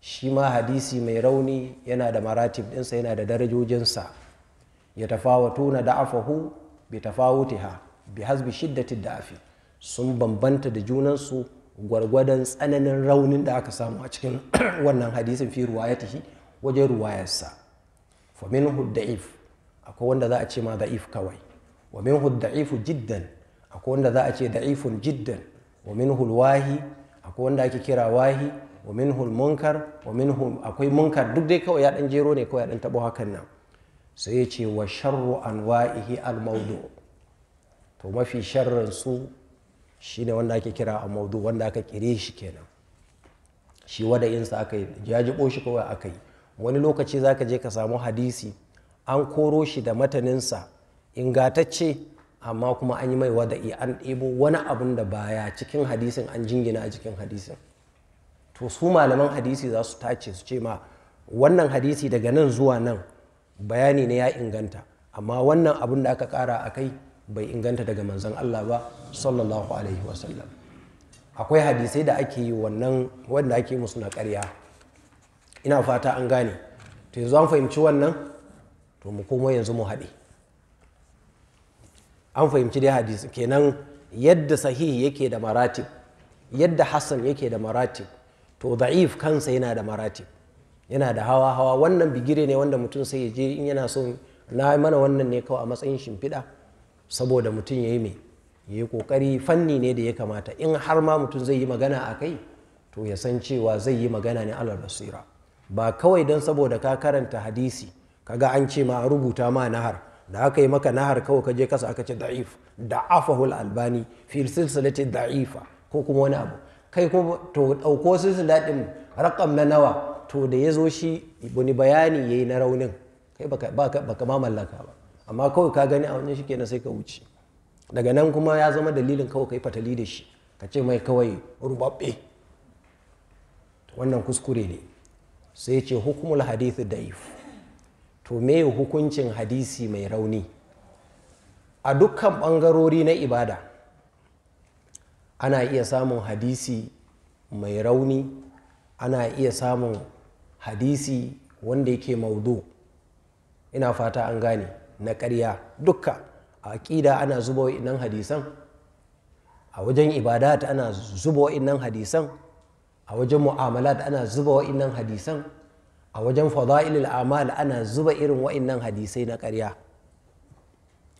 shi ma hadisi mai rauni yana da maratib ɗinsa yana da darajojinsa ya na da'afahu bi tafawutiha bi hasbi shiddati da'afi sun bambanta da junansu gwargwadon tsananin raunin da aka samu a cikin *clears throat* wannan hadisin fi ruwayatihi wajen ruwayarsa fa minhu hudda'if akwai wanda za a ce ma da'if kawai wa minhu jiddan akwai wanda za a ce da'ifun jiddan wa minhu wahi akwai wanda ake kira wahi wa minhu munkar wa akwai munkar duk dai kawai ya dan jero ne kawai ya dan tabo hakan nan sai ya ce wa sharru anwa'ihi al-mawdu to mafi sharrin su Shi ne wanda ake kira a maudu wanda aka kire shi kenan shi wada'insa aka yi jajibo shi kawai aka yi wani lokaci za ka je ka samu hadisi an koro shi da mataninsa ingatacce amma kuma an yi mai wada'i an ɗebo wani abun da baya cikin hadisin an jingina a cikin hadisin to su malaman hadisi za su tace su ce ma wannan hadisi daga nan zuwa nan bayani ne ya inganta amma wannan abun da aka kara a kai bai inganta daga manzon Allah ba sallallahu alaihi wasallam akwai hadisai da ake yi wannan wanda ake musu na ƙarya ina fata an gane to yanzu an fahimci wannan to mu komo yanzu mu haɗe an fahimci dai hadisi kenan yadda sahihi yake da maratib yadda hassan yake da maratib to da'if kansa yana da maratib yana da hawa hawa wannan bigire ne wanda mutum sai ya je in yana so na mana wannan ne kawai a matsayin shimfiɗa saboda mutum ya yi mai ya yi ƙoƙari fanni ne da ya kamata in har ma mutum zai yi magana a kai to ya san cewa zai yi magana ne alal basira ba kawai don saboda ka karanta hadisi kaga an ce ma a rubuta ma nahar da aka yi maka nahar kawai ka je kasa aka ce da'if da afahul albani fi silsilati da'ifa ko kuma wani abu kai kuma to dauko silsila din rakam nawa to da ya zo shi wani bayani yayi na raunin kai baka baka ma mallaka ba amma kawai ka gani a wajen shi kenan sai ka wuce daga nan kuma ya zama dalilin kawai ka yi fatali da shi ka ce mai kawai rubabbe wannan kuskure ne sai ce hukumul hadithu daif to me hukuncin hadisi mai rauni a dukkan bangarori na ibada ana iya samun hadisi mai rauni ana iya samun hadisi wanda yake maudu ina fata an gane na karya dukka a aƙida ana zuba wa'innan hadisan a wajen ibadat ana zuba wa'innan hadisan a wajen mu'amalat ana zuba wa'innan hadisan a wajen fada'ilil amal ana zuba irin wa'innan hadisai na karya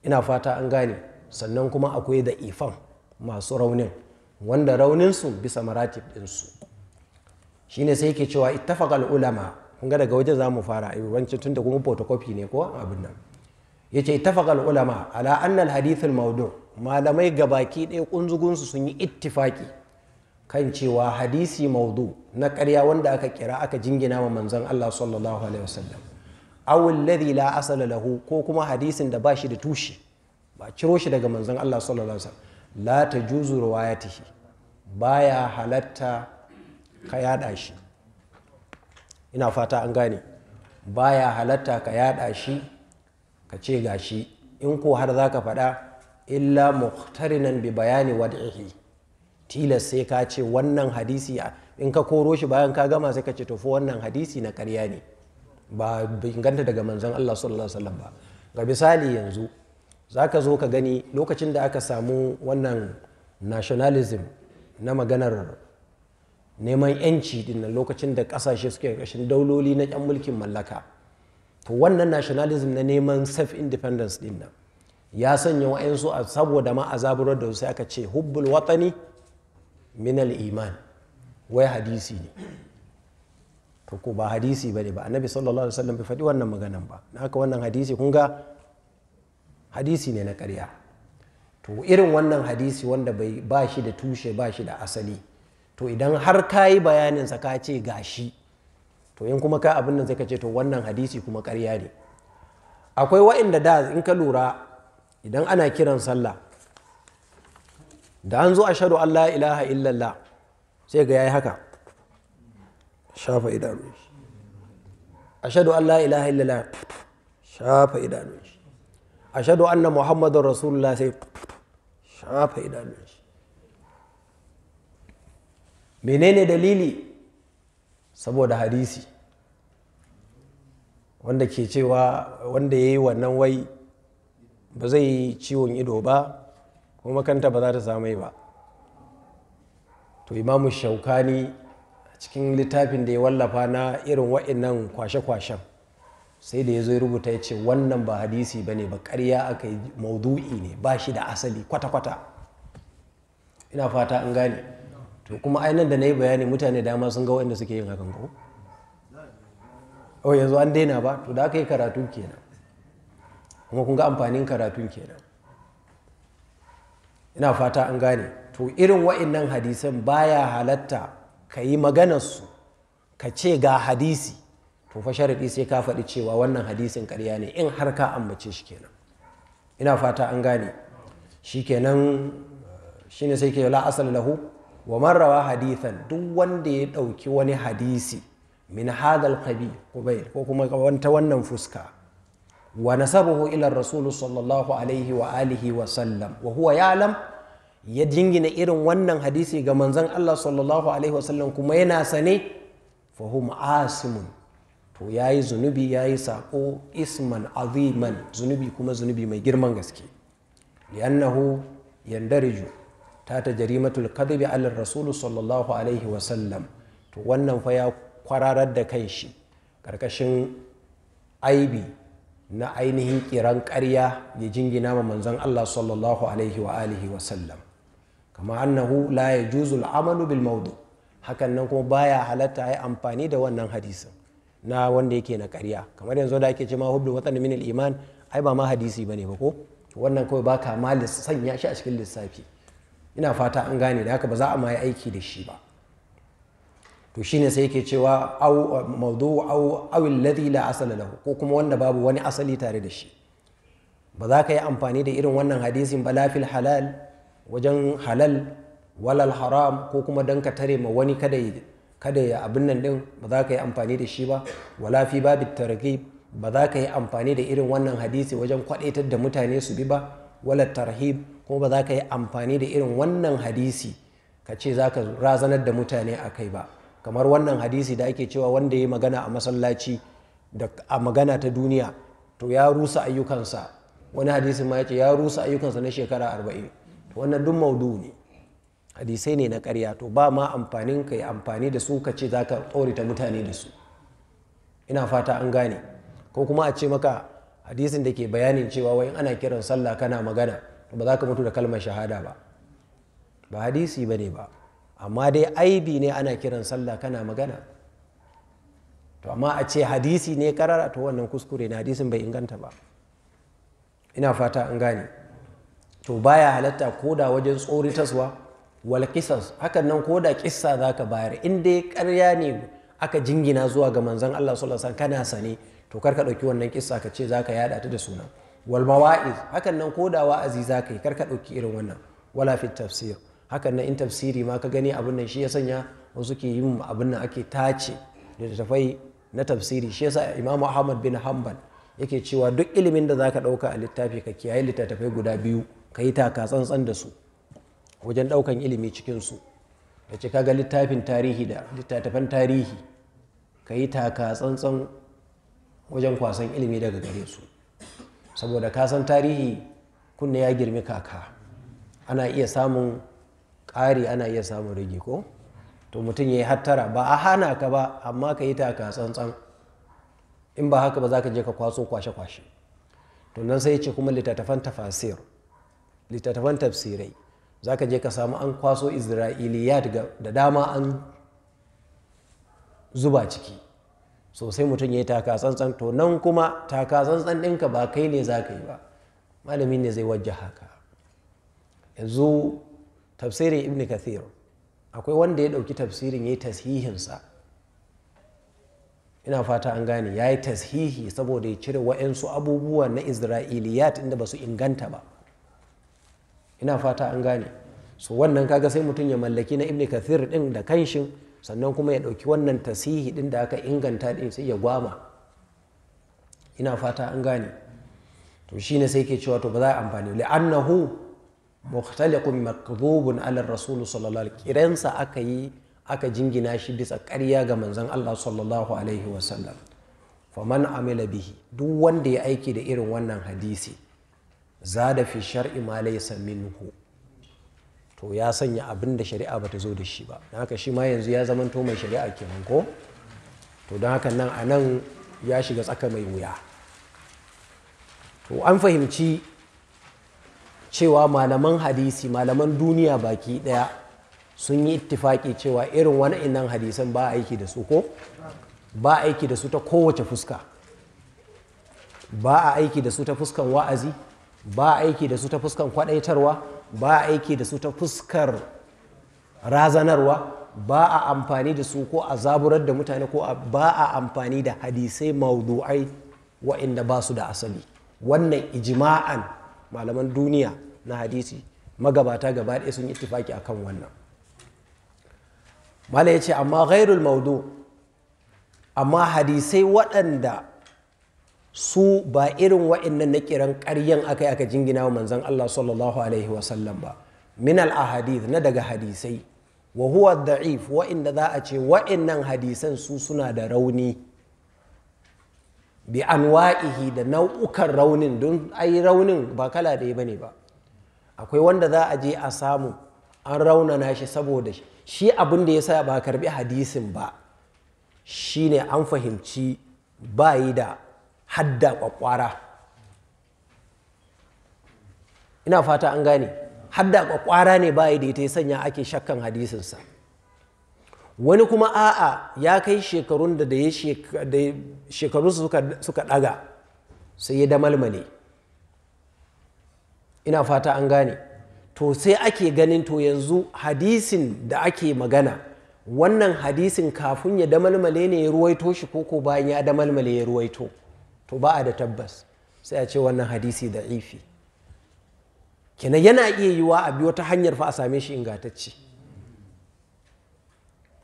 ina fata an gane sannan kuma akwai da ifan masu raunin wanda rauninsu bisa maratib ɗinsu shine sai ke cewa ittafaqal ulama kun ga daga waje za mu fara ai wancan tunda kuma photocopy ne ko abin nan yace ittafaqal ulama ala annal hadithin maudu malamai ga malamai gabaki ɗaya ƙunzugunsu sun yi ittifaki kan cewa hadisi maudu na karya wanda aka kira aka jingina wa manzon Allah sallallahu alaihi wasallam awul alladhi la asala lahu ko kuma hadisin da bashi da tushe ba ciro shi daga manzon Allah sallallahu alaihi wasallam la tajuzu riwayatihi baya halatta ka yada shi ina fata an gane baya halatta ka yada shi ka ce gashi in ko har za ka faɗa illa muhtarinan bi bayani wad'ihi tilas sai ka ce wannan hadisi in ka koro shi bayan ka gama sai ka ce tofo wannan hadisi na karya ne ba inganta daga manzon Allah sallallahu alaihi wasallam ba ga misali yanzu za ka zo ka gani lokacin da aka samu wannan nationalism na maganar neman 'yanci dinnan lokacin da kasashe suke ƙarshen dauloli na 'yan mulkin mallaka to wannan nationalism na neman self independence din nan ya sanya wa'ansu a saboda ma a zaburar da sai aka ce hubbul watani minal iman wai hadisi ne to ko ba hadisi bane ba annabi sallallahu alaihi wasallam bai faɗi wannan maganan ba na haka wannan hadisi kun ga hadisi ne na ƙarya to irin wannan hadisi wanda bai ba shi da tushe ba shi da asali to idan har ka yi bayaninsa ka ce gashi to in kuma ka abin nan sai ka ce to wannan hadisi kuma karya ne akwai wa'inda da in ka lura idan ana kiran sallah da an zo a shaɗu Allah ilaha illallah sai ga yayi haka shafa idanu ashadu Allah ilaha illallah shafa idanu ashadu anna muhammadun rasulullah sai shafa idanu menene dalili saboda hadisi wanda ke cewa wanda ya yi wannan wai ba zai yi ciwon ido ba kuma makanta ba za ta samai ba to imamu shaukani a cikin littafin da ya wallafa na irin wa'innan kwashe-kwashen sai da ya zo rubuta ya ce wannan ba hadisi ba ne ba karya aka yi maudu'i ne ba shi da asali kwata-kwata ina fata an gane to kuma ainihin da na yi bayani mutane dama sun ga wanda suke yin hakan ko yanzu an daina ba to da aka yi karatu kenan kuma kun ga amfanin karatun kenan ina fata an gane to irin wa'innan hadisan baya halatta ka yi maganarsu ka ce ga hadisi to fa sai ka faɗi cewa wannan hadisin karya ne in har ka ambace shi kenan ina fata an gane shi kenan shine sai ke la asal lahu wa marrawa hadithan duk wanda ya ɗauki wani hadisi min hadal kabi ko kuma ta wannan fuska wa nasabahu ila rasulu sallallahu alaihi wa alihi wa sallam wa huwa ya'lam ya jingina irin wannan hadisi ga manzan, Allah sallallahu alaihi wa sallam kuma yana sane fa hum asimun to yayi zunubi yayi sako isman aziman zunubi kuma zunubi mai girman gaske Yannahu yandariju ta ta jarimatul kadhibi ala rasulu sallallahu alaihi wasallam to wannan fa ya kwararar da kan shi karkashin aibi na ainihin kiran karya ya jingina ma manzon Allah sallallahu alaihi wa alihi wasallam kama annahu la yajuzu amalu bil mawdu hakan nan kuma baya halatta ai amfani da wannan hadisin na wanda yake na karya kamar yanzu da ake ma hublu watan min al-iman ai ba ma hadisi bane ba ko wannan kawai baka ma sanya shi a cikin lissafi ina fata an gane da haka ba za a ma yi aiki da shi ba to shine sai yake cewa au mawdu'u au alladhi la asala lahu ko kuma wanda babu wani asali tare da shi ba za ka yi amfani da irin wannan hadisin ba lafil halal wajen halal walal haram ko kuma dan ka tare ma wani kada ya kada ya abin nan din ba za ka yi amfani da shi ba wala fi babit targhib ba za ka yi amfani da irin wannan hadisi wajen kwadaitar da mutane su bi ba wala tarhib ko ba za ka yi amfani da irin wannan hadisi ka ce za ka razanar da mutane a kai ba kamar wannan hadisi da ake cewa wanda ya yi magana a masallaci da a magana ta duniya to ya rusa ayyukansa wani hadisi ma ya ce ya rusa ayyukansa na shekara arba'in to wannan duk maudu ne hadisai ne na karya to ba ma amfanin ka yi amfani da su ka ce za ka ta mutane da su ina fata an gane ko kuma a ce maka hadisin da ke bayanin cewa wai ana kiran sallah kana magana ba za ka mutu da kalmar shahada ba ba hadisi ba ne ba amma dai aibi ne ana kiran sallah kana magana to amma a ce hadisi ne karara to wannan kuskure na hadisin bai inganta ba ina fata an gane to baya halatta koda wajen tsoritaswa wal kisas hakan nan koda kissa za ka bayar in dai karya ne aka jingina zuwa ga manzon Allah sallallahu alaihi wasallam kana sane to kar ka ɗauki wannan kissa ka ce za ka yada ta da suna wal mawa'iz hakan nan koda wa'azi za ka yi kar ka ɗauki irin wannan wala fi tafsir hakan nan in tafsiri ma ka gani abun nan shi ya sanya wasu ke yin abun nan ake tace da tafai na tafsiri shi yasa imam ahmad bin hanbal yake cewa duk ilimin da zaka ɗauka a littafi ka kiyaye littattafai guda biyu ka yi taka tsantsan da su wajen ɗaukan ilimi cikin su da ce kaga littafin tarihi da littattafan tarihi ka yi taka tsantsan wajen kwasan ilimi daga gare su saboda kasan tarihi kunne ya girmi kaka ana iya samun ƙari ana iya samun rigi ko to mutum ya yi hattara ba a hana ka ba amma ka yi taka tsantsan in ba haka ba za ka je ka kwaso kwashe-kwashe to nan sai ce kuma littattafan tafasir littattafan tafsirai za ka je ka samu an kwaso isra'iliyat da dama an zuba ciki Sosai mutum ya yi taka tsantsan to nan kuma taka tsantsan ɗinka ba kai ne za ka yi ba malami ne zai wajen haka yanzu tafsirin ibn kathir akwai wanda ya ɗauki tafsirin ya yi tashihinsa ina fata an gane ya yi tashihi saboda ya cire wa'yansu abubuwa na isra'iliyat inda ba su inganta ba ina fata an gane so wannan kaga sai mutum ya mallaki na ibn kathir ɗin da kanshin sannan kuma ya ɗauki wannan tasihi ɗin da aka inganta ɗin sai ya gwama ina fata an gane to shi ne sai ke cewa to ba za a amfani li'annahu mukhtaliqun makdhubun ala rasul sallallahu alaihi kiransa aka yi aka jingina shi bisa karya ga manzon Allah sallallahu alaihi wasallam faman amila bihi duk wanda ya aiki da irin wannan hadisi zada fi shar'i ma laysa minhu to ya sanya abin da shari'a bata zo da shi ba don haka shi ma yanzu ya zamanto mai shari'a kenan ko to don haka nan a nan ya shiga tsaka mai wuya to an fahimci cewa malaman hadisi malaman duniya baki daya sun yi ittifaki cewa irin wani inan hadisan ba aiki da su ko ba aiki da su ta kowace fuska ba a aiki da su ta fuskan wa'azi ba aiki da su ta fuskan kwadaitarwa ba a aiki da su ta fuskar razanarwa ba a amfani da su ko a zaburar da mutane ko ba a amfani da hadisai maudu'ai wa'inda ba su da asali wannan ijima'an malaman duniya na hadisi magabata gaba ɗaya sun yi a akan wannan mala ya ce amma ghairul maudu amma hadisai waɗanda su ba irin wa'annan na kiran karyan aka yi aka jingina wa manzan Allah sallallahu alaihi wasallam ba min al na daga hadisai wa huwa da'if wa'inda za a ce wa'annan hadisan su suna da rauni bi anwa'ihi da nau'ukan raunin don ai raunin ba kala ya bane ba akwai wanda za a je a samu an raunana shi saboda shi abin da ya sa ba karbi hadisin ba shine an fahimci bayi da hadda kwakwara ina fata an gane hadda kwakwara ne ba da ita ya sanya ake shakkan hadisinsa wani kuma a'a ya kai shekarun da da ya shekaru suka daga sai ya damalmale ina fata an gane to sai ake ganin to yanzu hadisin da ake magana wannan hadisin kafin ya damalmale ne ya ruwaito shi koko bayan ya damalmale ya ruwaito to ba a da tabbas sai a ce wannan hadisi da ifi kenan yana iya yiwa a bi wata hanyar fa a same shi ingatacce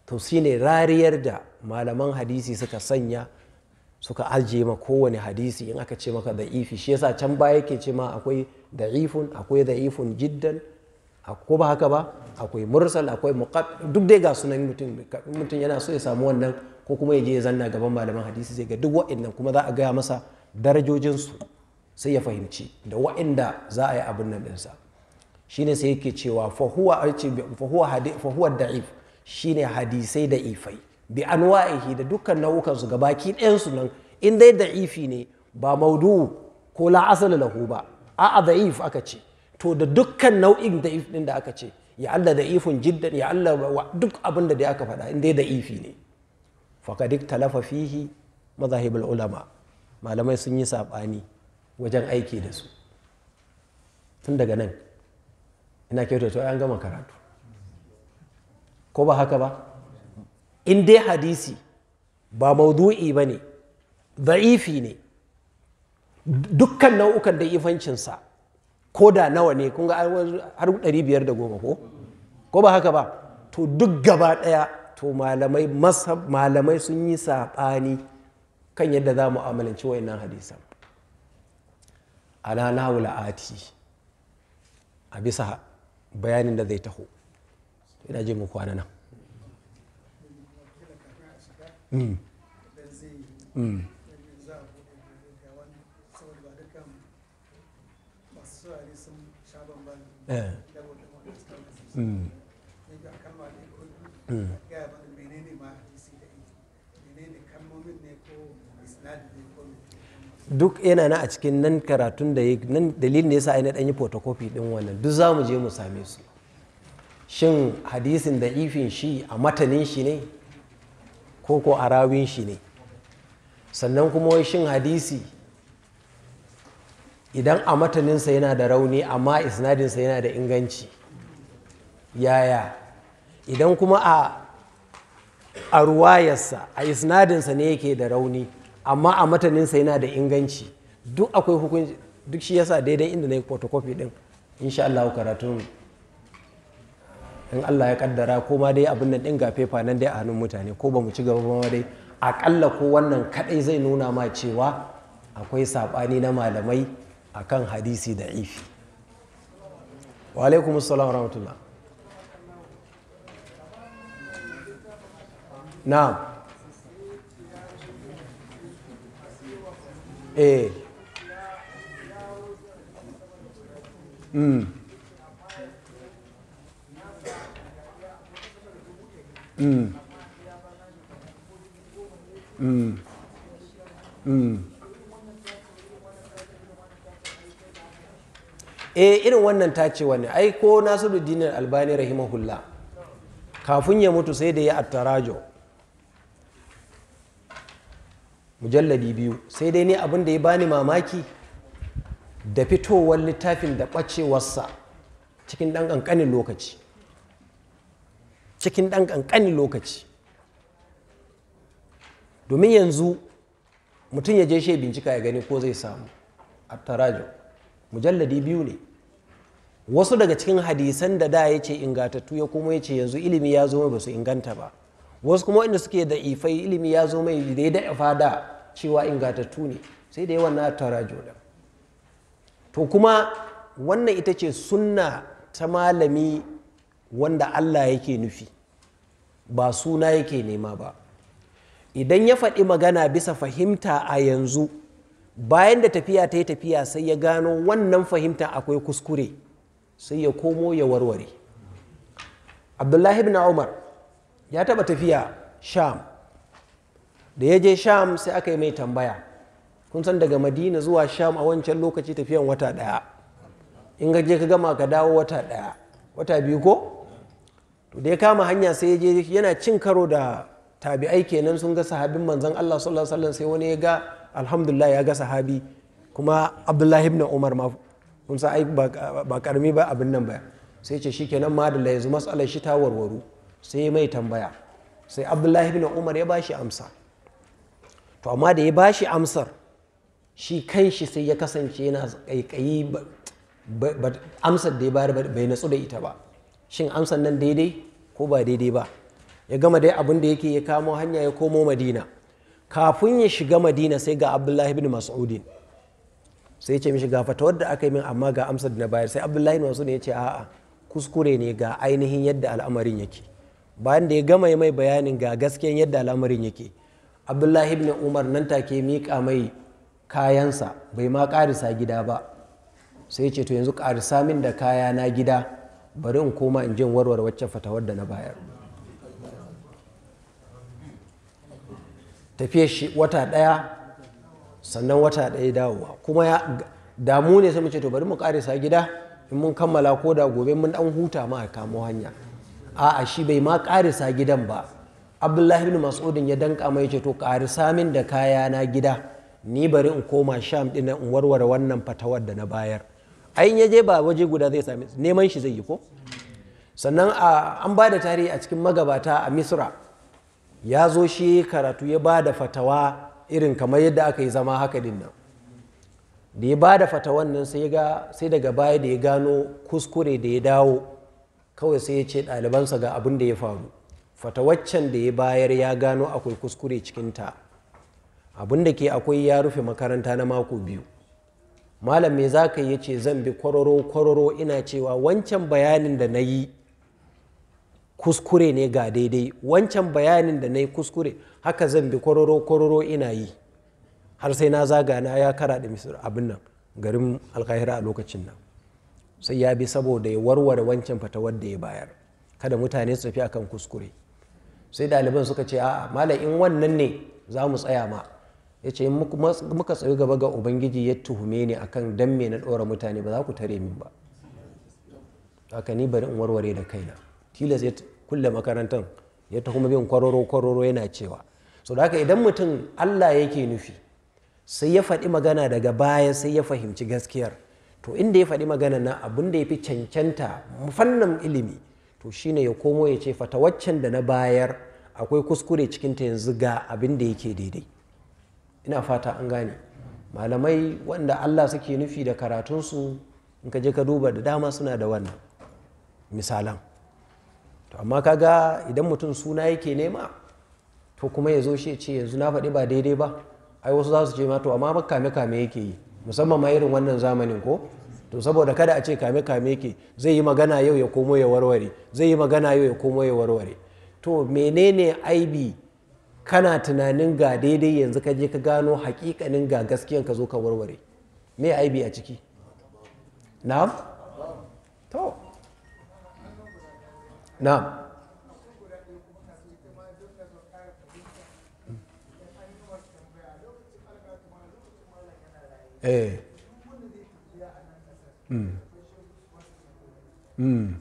to ne rariyar da malaman hadisi suka sanya suka ajiye ma kowane hadisi in aka ce maka ifi shi yasa can baya yake ce ma akwai da'ifun akwai da'ifun jiddan ko ba haka ba akwai mursal akwai muqat duk dai ga sunan mutum mutum yana so ya samu wannan ko kuma ya je ya zanna gaban malaman hadisi zai ga duk wa'annan kuma za a gaya masa darajojinsu sai ya fahimci da wa'anda za a yi abin nan ɗinsa ne sai yake cewa fahuwa da'if ne hadisai da ifai bi wa'ihi da dukkan nau'ukan su gabaki ɗayan su nan in dai da'ifi ne ba maudu ko la asala lahu ba a'a da'if aka ce to da dukkan nau'in da'if ɗin da aka ce ya Allah da'ifun jiddan ya Allah duk abin da aka faɗa in dai da'ifi ne faƙadik talafa fihi mazahibul ulama malamai sun yi saɓani wajen aiki da su tun daga nan ina kyautata an gama karatu ko ba haka ba in dai hadisi ba maudu'i ba ne za'ifi ne dukkan nau'ukan da ifancinsa ko da nawa ne kun ga har 510 ko ko ba haka ba to duk gaba ɗaya to malamai malamai sun yi saɓani kan yadda za mu amalanci wayannan hadisan ala na ati a bisa bayanin da zai taho ina je mu kwana nan mm. duk yana na a cikin nan karatun da nan dalilin da yasa ai na dan yi photocopy din wannan duk zamu je mu same su shin hadisin da ifin shi a matanin shi ne ko ko a rawin shi ne sannan kuma wai shin hadisi idan a mataninsa yana da rauni amma isnadinsa yana da inganci yaya idan kuma a a ruwayarsa a isnadinsa ne yake da rauni amma a mataninsa yana da inganci duk akwai hukunci duk shi yasa daidai inda na yi photocopy din insha Allah karatun in Allah ya kaddara ko ma dai abin nan din ga fefa nan dai a hannun mutane ko ba mu ci gaba ba dai akalla ko wannan kadai zai nuna ma cewa akwai sabani na malamai akan hadisi da ifi wa alaikumus wa rahmatullah Na eh mm mm mm mm e irin wannan ta ce wani ai ko nasiru dinar albani rahimahullah kafin ya mutu sai da ya attarajo mujalladi biyu sai dai ne abin da ya bani mamaki da fitowar littafin da ɓacewarsa cikin ɗan ƙanƙanin lokaci cikin ɗan ƙanƙanin lokaci domin yanzu mutum ya je shi bincika ya gani ko zai samu a tarajo mujalladi biyu ne wasu daga cikin hadisan da da ya ce ingatattu ya kuma ya ce yanzu ilimi ya zo ba su inganta ba wasu kuma inda suke da ifai ilimi ya zo mai da ya dafa da cewa ingatattu ne sai da yawan na tarajo da to kuma wannan ita ce sunna ta malami wanda Allah yake nufi ba suna yake nema ba idan ya faɗi magana bisa fahimta a yanzu bayan da tafiya ta yi tafiya sai ya gano wannan fahimta akwai kuskure sai ya komo ya warware abdullahi ibn umar ya taɓa tafiya sham da ya je sham sai aka yi mai tambaya kun san daga madina zuwa sham a wancan lokaci tafiyan wata ɗaya in ka je ka gama ka dawo wata ɗaya wata biyu ko to da ya kama hanya sai ya je yana cin karo da tabi'ai kenan sun ga sahabin manzan Allah sallallahu sai wani ya ga alhamdulillah ya ga sahabi kuma Abdullahi ibn Umar ma kun san ai ba karmi ba abin nan ba sai ce shikenan ma da yanzu matsalar shi ta warwaru sai mai tambaya sai abdullahi bin umar ya bashi amsa to amma da ya bashi amsar shi kan shi sai ya kasance yana kaikayi amsar da ya bayar bai natsu da ita ba shin amsar nan daidai ko ba daidai ba ya gama dai abin da yake ya kamo hanya ya komo madina kafin ya shiga madina sai ga abdullahi bin mas'udin sai ce mishi ga fatawar da aka yi min amma ga amsar da na bayar sai abdullahi bin mas'udin ya ce a'a kuskure ne ga ainihin yadda al'amarin yake bayan da ya gama ya mai bayanin ga gaskiyan yadda al'amarin yake abdullahi ibn umar nan take miƙa mai kayansa bai ma ƙarisa gida ba sai ce to yanzu ƙarisa min da kaya na gida bari in koma in jin warware wacce fatawar da na bayar tafiye shi wata ɗaya sannan wata ɗaya dawowa kuma ya damu ne sai mu ce to bari mu karisa gida in mun kammala ko da gobe mun ɗan huta ma a kamo hanya a'a shi bai ma ƙarisa gidan ba abdullahi ibn mas'udin ya danka mai ce to ƙarisa min da kaya na gida ni bari in koma sham din in warware wannan fatawar da na bayar ayin ya je ba waje guda zai sami neman shi zai yi ko sannan an ba da tarihi a cikin magabata a misra ya zo shi karatu ya ba da fatawa irin kamar yadda aka yi zama haka din nan da ya ba da fatawan nan sai daga baya da ya gano kuskure da ya dawo kawai sai ya ce ɗalibansa ga abin da ya faru waccan da ya bayar ya gano akwai kuskure cikinta abin da ke akwai ya rufe makaranta na mako biyu malam mai za ka yi ce zan bi kwaroro kwaroro ina cewa wancan bayanin da na yi kuskure ne ga daidai wancan bayanin da na yi kuskure haka zan bi kwaroro kwaroro ina yi har sai na zaga na ya kara da misir abin nan garin alkahira a lokacin nan sai ya bi saboda ya warware wancan fatawar da ya bayar kada mutane su tafi akan kuskure sai ɗaliban suka ce a'a malam in wannan ne za mu tsaya ma ya ce muka tsayi gaba ga ubangiji ya tuhume ni akan dan me na ɗora mutane ba za ku tare min ba haka ni bari in warware da kaina tilas ya kulle makarantar ya ta kuma bin kwaroro kwaroro yana cewa so da haka idan mutum allah yake nufi sai ya faɗi magana daga baya sai ya fahimci gaskiyar to inda ya faɗi magana na abin da ya fi cancanta fannin ilimi to shine ya komo ya ce fata waccan da na bayar akwai kuskure cikin ta yanzu ga abin da yake daidai ina fata an gane malamai wanda allah suke nufi da karatunsu in ka je ka duba da dama suna da wannan misalan to amma kaga idan mutum suna yake nema to kuma ya zo shi ce yanzu na faɗi ba daidai ba ai wasu za su ce ma to amma kame kame yake yi musamman ma irin wannan zamanin ko to saboda kada a ce kame kame ke zai yi magana yau ya komo ya warware zai yi magana yau ya komo ya warware to menene aibi kana tunanin ga daidai yanzu ka je ka gano hakikanin ga gaskiyan ka zo ka warware me aibi a ciki na'am to na'am eh hmm. Hmm.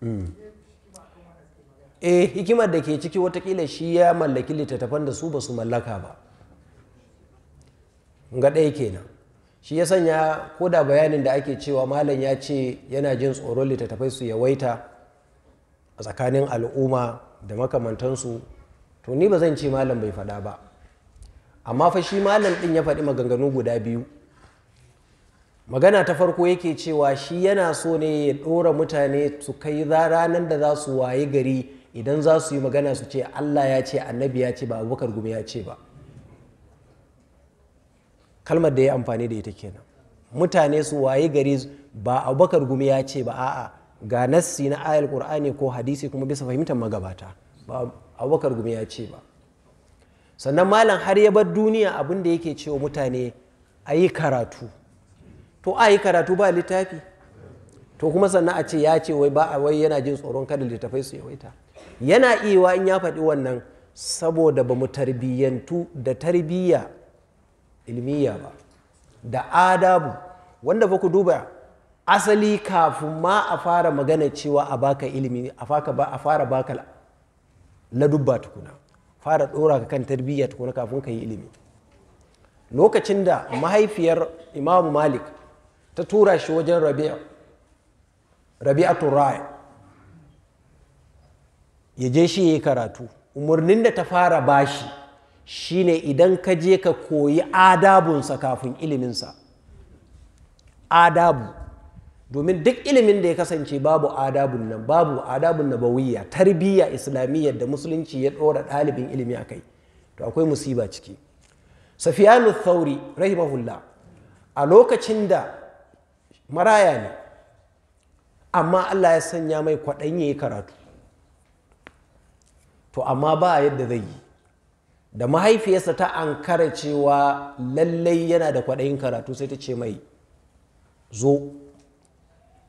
Hmm. eh hikimar da ke ciki watakila shi ya mallaki littattafan da su ba su mallaka ba ga ɗaya kenan shi ya sanya ko da bayanin da ake cewa malam ya ce yana jin tsoron littattafai su yawaita a tsakanin al'umma da makamantansu to ni ba zan ce malam bai faɗa ba amma fa shi malam ɗin ya faɗi maganganu guda biyu magana ta farko yake cewa shi yana so ne ya ɗora mutane su kai ranar da za su waye gari idan za su yi magana su ce allah ya ce annabi ya ce ba abubakar gumi ya ce ba kalmar da ya amfani da ita kenan mutane su waye gari ba abubakar gumi ya ce ba a'a ga nassi na ayal qur'ani ko hadisi kuma bisa fahimtar magabata ba abubakar gumi ya ce ba sannan malam har ya bar duniya abin da yake cewa mutane a yi karatu to a yi karatu ba littafi to kuma sannan a ce ya ce wai ba wai yana jin tsoron kada littafai su yawaita yana iyawa in ya faɗi wannan saboda ba mu tarbiyyantu da tarbiyya ilmiya ba da adabu wanda fa ku duba asali kafin ma a fara magana cewa a baka ilimi a fara baka ladubba tukuna fara ɗora ka kan tarbiyya tukuna kafin ka yi ilimi lokacin da mahaifiyar imamu malik ta tura shi wajen rabi'a raya ya je shi ya yi karatu umarnin da ta fara bashi shine idan ka je ka koyi adabunsa kafin iliminsa adabu domin duk ilimin da ya kasance babu adabun nan babu adabun na nabawiyya tarbiyya islamiyya da musulunci ya ɗora ɗalibin ilimi a kai to akwai musiba ciki safiyanu thauri rahimahullah a lokacin da maraya ne amma allah ya sanya mai kwaɗan ya karatu to amma ba yadda zai yi da mahaifiyarsa ta ankara cewa lallai yana da kwaɗayin karatu sai ta ce mai zo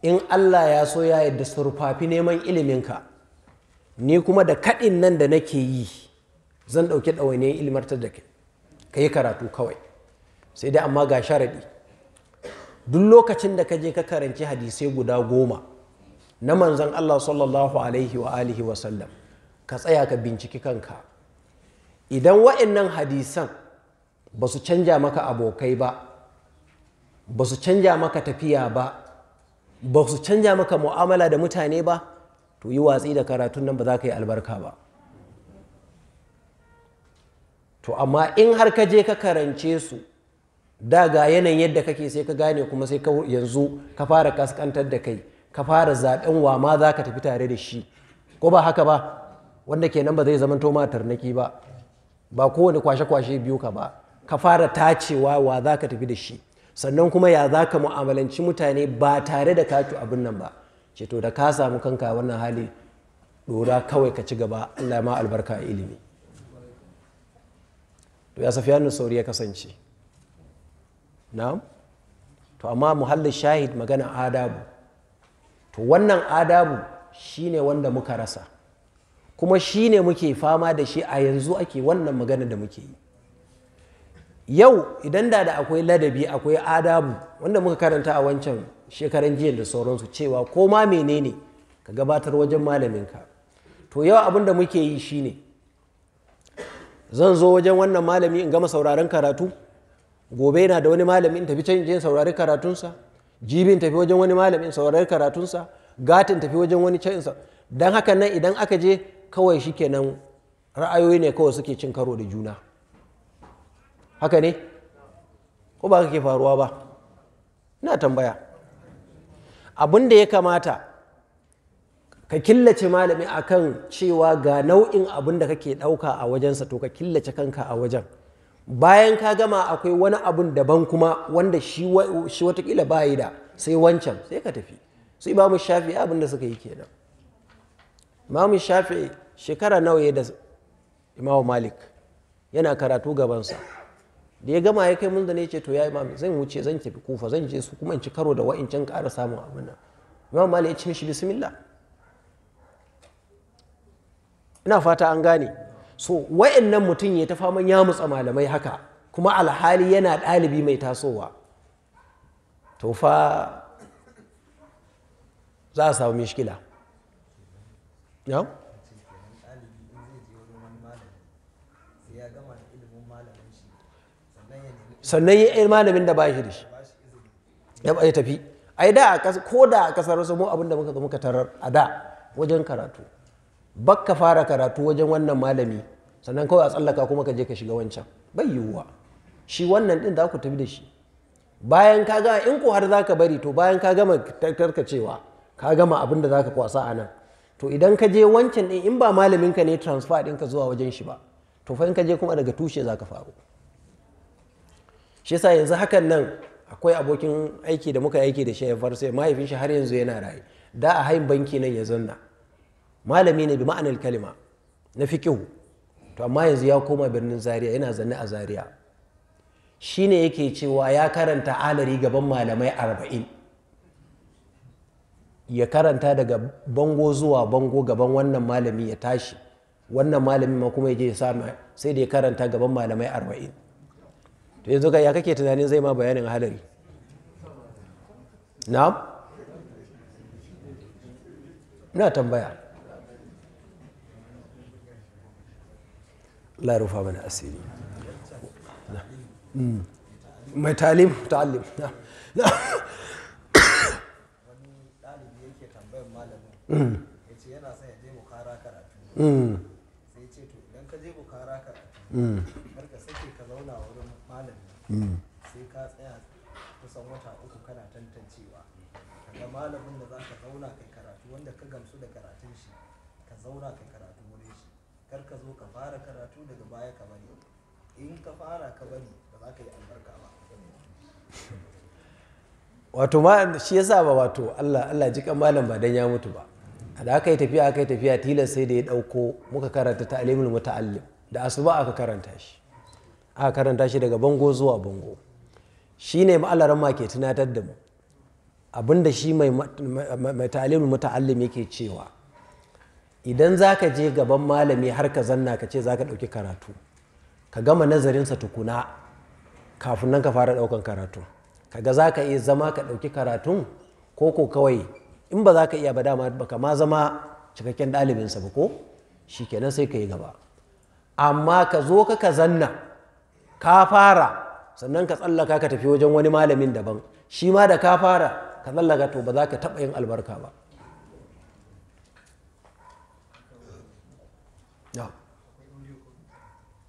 in allah ya so ya yadda surfafi neman iliminka ni kuma da kaɗin nan da nake yi zan ɗauki ɗawainiyar ilimartar da kai ka yi karatu kawai sai dai amma ga sharaɗi duk lokacin da ka je ka karanci hadisai guda goma na manzan allah sallallahu alaihi wa alihi wasallam ka tsaya ka binciki kanka idan wa'annan hadisan ba su canja maka abokai ba ba su canja maka tafiya ba ba su canja maka mu'amala da mutane ba to yi watsi da karatun nan ba za ka yi albarka ba to amma in har ka je ka karance su da ga yanayin yadda kake sai ka gane kuma sai ka yanzu ka fara kaskantar da kai ka fara zaɓen wa ma za ka tafi tare da shi ko ba haka ba wanda kenan ba zai zama ma tarnaki ba ba kowane kwashe-kwashe biyu ka ba ka fara tacewa wa za ka tafi da shi sannan kuma ya za ka mu'amalanci mutane ba tare da katu abin nan ba ceto da ka samu kanka wannan hali dora kawai ka ci gaba allah ma albarka a ilimi to ya safiya sauri ya kasance na'am to amma muhallin shahid magana adabu to wannan adabu shine wanda muka rasa kuma shi ne muke fama da shi a yanzu ake wannan magana da muke yi yau idan da da akwai ladabi akwai adabu wanda muka karanta a wancan shekaran jiya da sauransu cewa ko ma menene ka gabatar wajen malaminka to yau abin da muke yi shine zan zo wajen wannan malami in gama sauraron karatu gobe yana da wani malami in tafi can in saurari karatunsa jibin tafi wajen wani malami in saurari karatunsa gatin tafi wajen wani can don haka nan idan aka je kawai shikenan ra'ayoyi ne kawai suke cin karo da juna haka ne ko ba ke faruwa ba na tambaya abin da ya kamata ka killace malami akan cewa ga nau'in abin da kake ɗauka a wajensa to ka killace kanka a wajen bayan ka gama akwai wani abin daban kuma wanda shi watakila ba yi da sai wancan sai ka tafi ba mu shafi abin da suka yi kenan mu shafi shekara nawa ya da imamu malik yana karatu gabansa da ya gama ya kai mun da ne ce to ya imam zan wuce zan tafi kufa zan je su kuma in ci karo da can ƙara samun abin nan imamu malik ya ce mishi bismillah ina fata an gane so wa'annan mutum ya ta faman ya mutsa malamai haka kuma alhali yana ɗalibi mai tasowa to fa za a samu mishkila no? sannan ya malamin da ba shi da shi ya tafi ai da ko da a kasar wasu mu abinda muka muka tarar a da wajen karatu bakka fara karatu wajen wannan malami sannan kawai a tsallaka kuma ka je ka shiga wancan bai yiwuwa shi wannan ɗin da ku tafi da shi bayan ka gama in ko har zaka bari to bayan ka gama cewa. ka gama abin da za kwasa a nan to idan ka je wancan din in ba malamin ka ne transfer ɗinka zuwa wajen shi ba to fa in ka je kuma daga tushe za ka faru shi yasa yanzu hakan nan akwai abokin aiki da muka aiki da shi ya mahaifin shi har yanzu yana raye da a hain banki nan ya zanna malami ne bi ma'anar kalima na fikihu to amma yanzu ya koma birnin zaria yana zanne a zaria ne yake cewa ya karanta alari gaban malamai arba'in ya karanta daga bango zuwa bango gaban wannan malami ya tashi wannan malami ma kuma ya je ya sai da ya karanta gaban malamai arba'in to yanzu ga ya kake tunanin zai ma bayanin hadari Na, na tambaya la rufa mana asiri hmm. mai talim tambayar malamin ya ce yana son ya je bukara karatu hmm. Hmm. sai ce to idan ka je bukara karatu sai ka tsaya kusan wata uku kana tantancewa kaga malamin da za ka zauna kai karatu wanda ka gamsu da karatun shi ka zauna kai karatu wurin shi kar ka zo ka fara karatu daga baya ka bari in ka fara ka bari ba za ka yi albarka ba wato ma shi yasa ba wato Allah Allah ji kan malam ba dan ya mutu ba da aka yi tafiya aka yi tafiya tilas sai da ya dauko muka karanta ta'limul muta'allim da asuba aka karanta shi aka karanta shi daga bango zuwa bango shi ne ma'alaran ma ke tunatar da mu abinda shi mai ta'alimin muta'allim yake cewa idan za ka je gaban malami har ka zanna ka ce za ka ɗauki karatu ka gama nazarinsa tukuna kafin nan ka fara ɗaukan karatu kaga za ka iya zama ka ɗauki karatun ko ko kawai in ba za ka iya ba dama baka ma zama cikakken ɗalibinsa ba ko shi kenan sai ka yi gaba amma ka zo ka ka zanna ka fara sannan ka tsallaka ka tafi wajen wani malamin daban shi ma da ka fara ka tsallaka to ba za ka taɓa yin albarka ba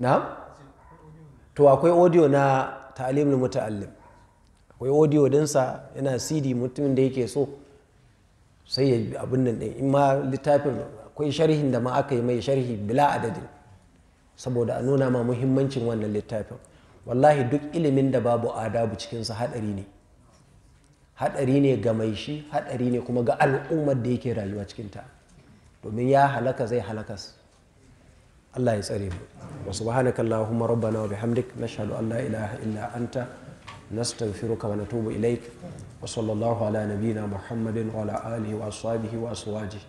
na to akwai audio na ta'alim na muta'allim akwai audio dinsa yana cd mutumin da yake so sai ya abin nan din in ma littafin akwai sharhin da ma aka yi mai sharhi bila adadin saboda a nuna ma muhimmancin wannan littafin wallahi duk ilimin da babu adabu cikinsa haɗari ne haɗari ne ga mai shi haɗari ne kuma ga al'ummar da yake rayuwa cikinta domin ya halaka zai halakas Allah ya tsare mu wa subhanaka allahumma rabbana wa bihamdik nashhadu an la ilaha illa anta nastaghfiruka wa natubu ilaik wa sallallahu ala nabiyyina muhammadin wa ala alihi wa ashabihi wa aswajihi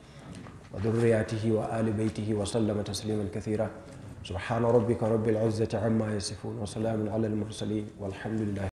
wa dhurriyyatihi wa ali baitihi wa sallama tasliman kathira سبحان ربك رب العزة عما يصفون وسلام على المرسلين والحمد لله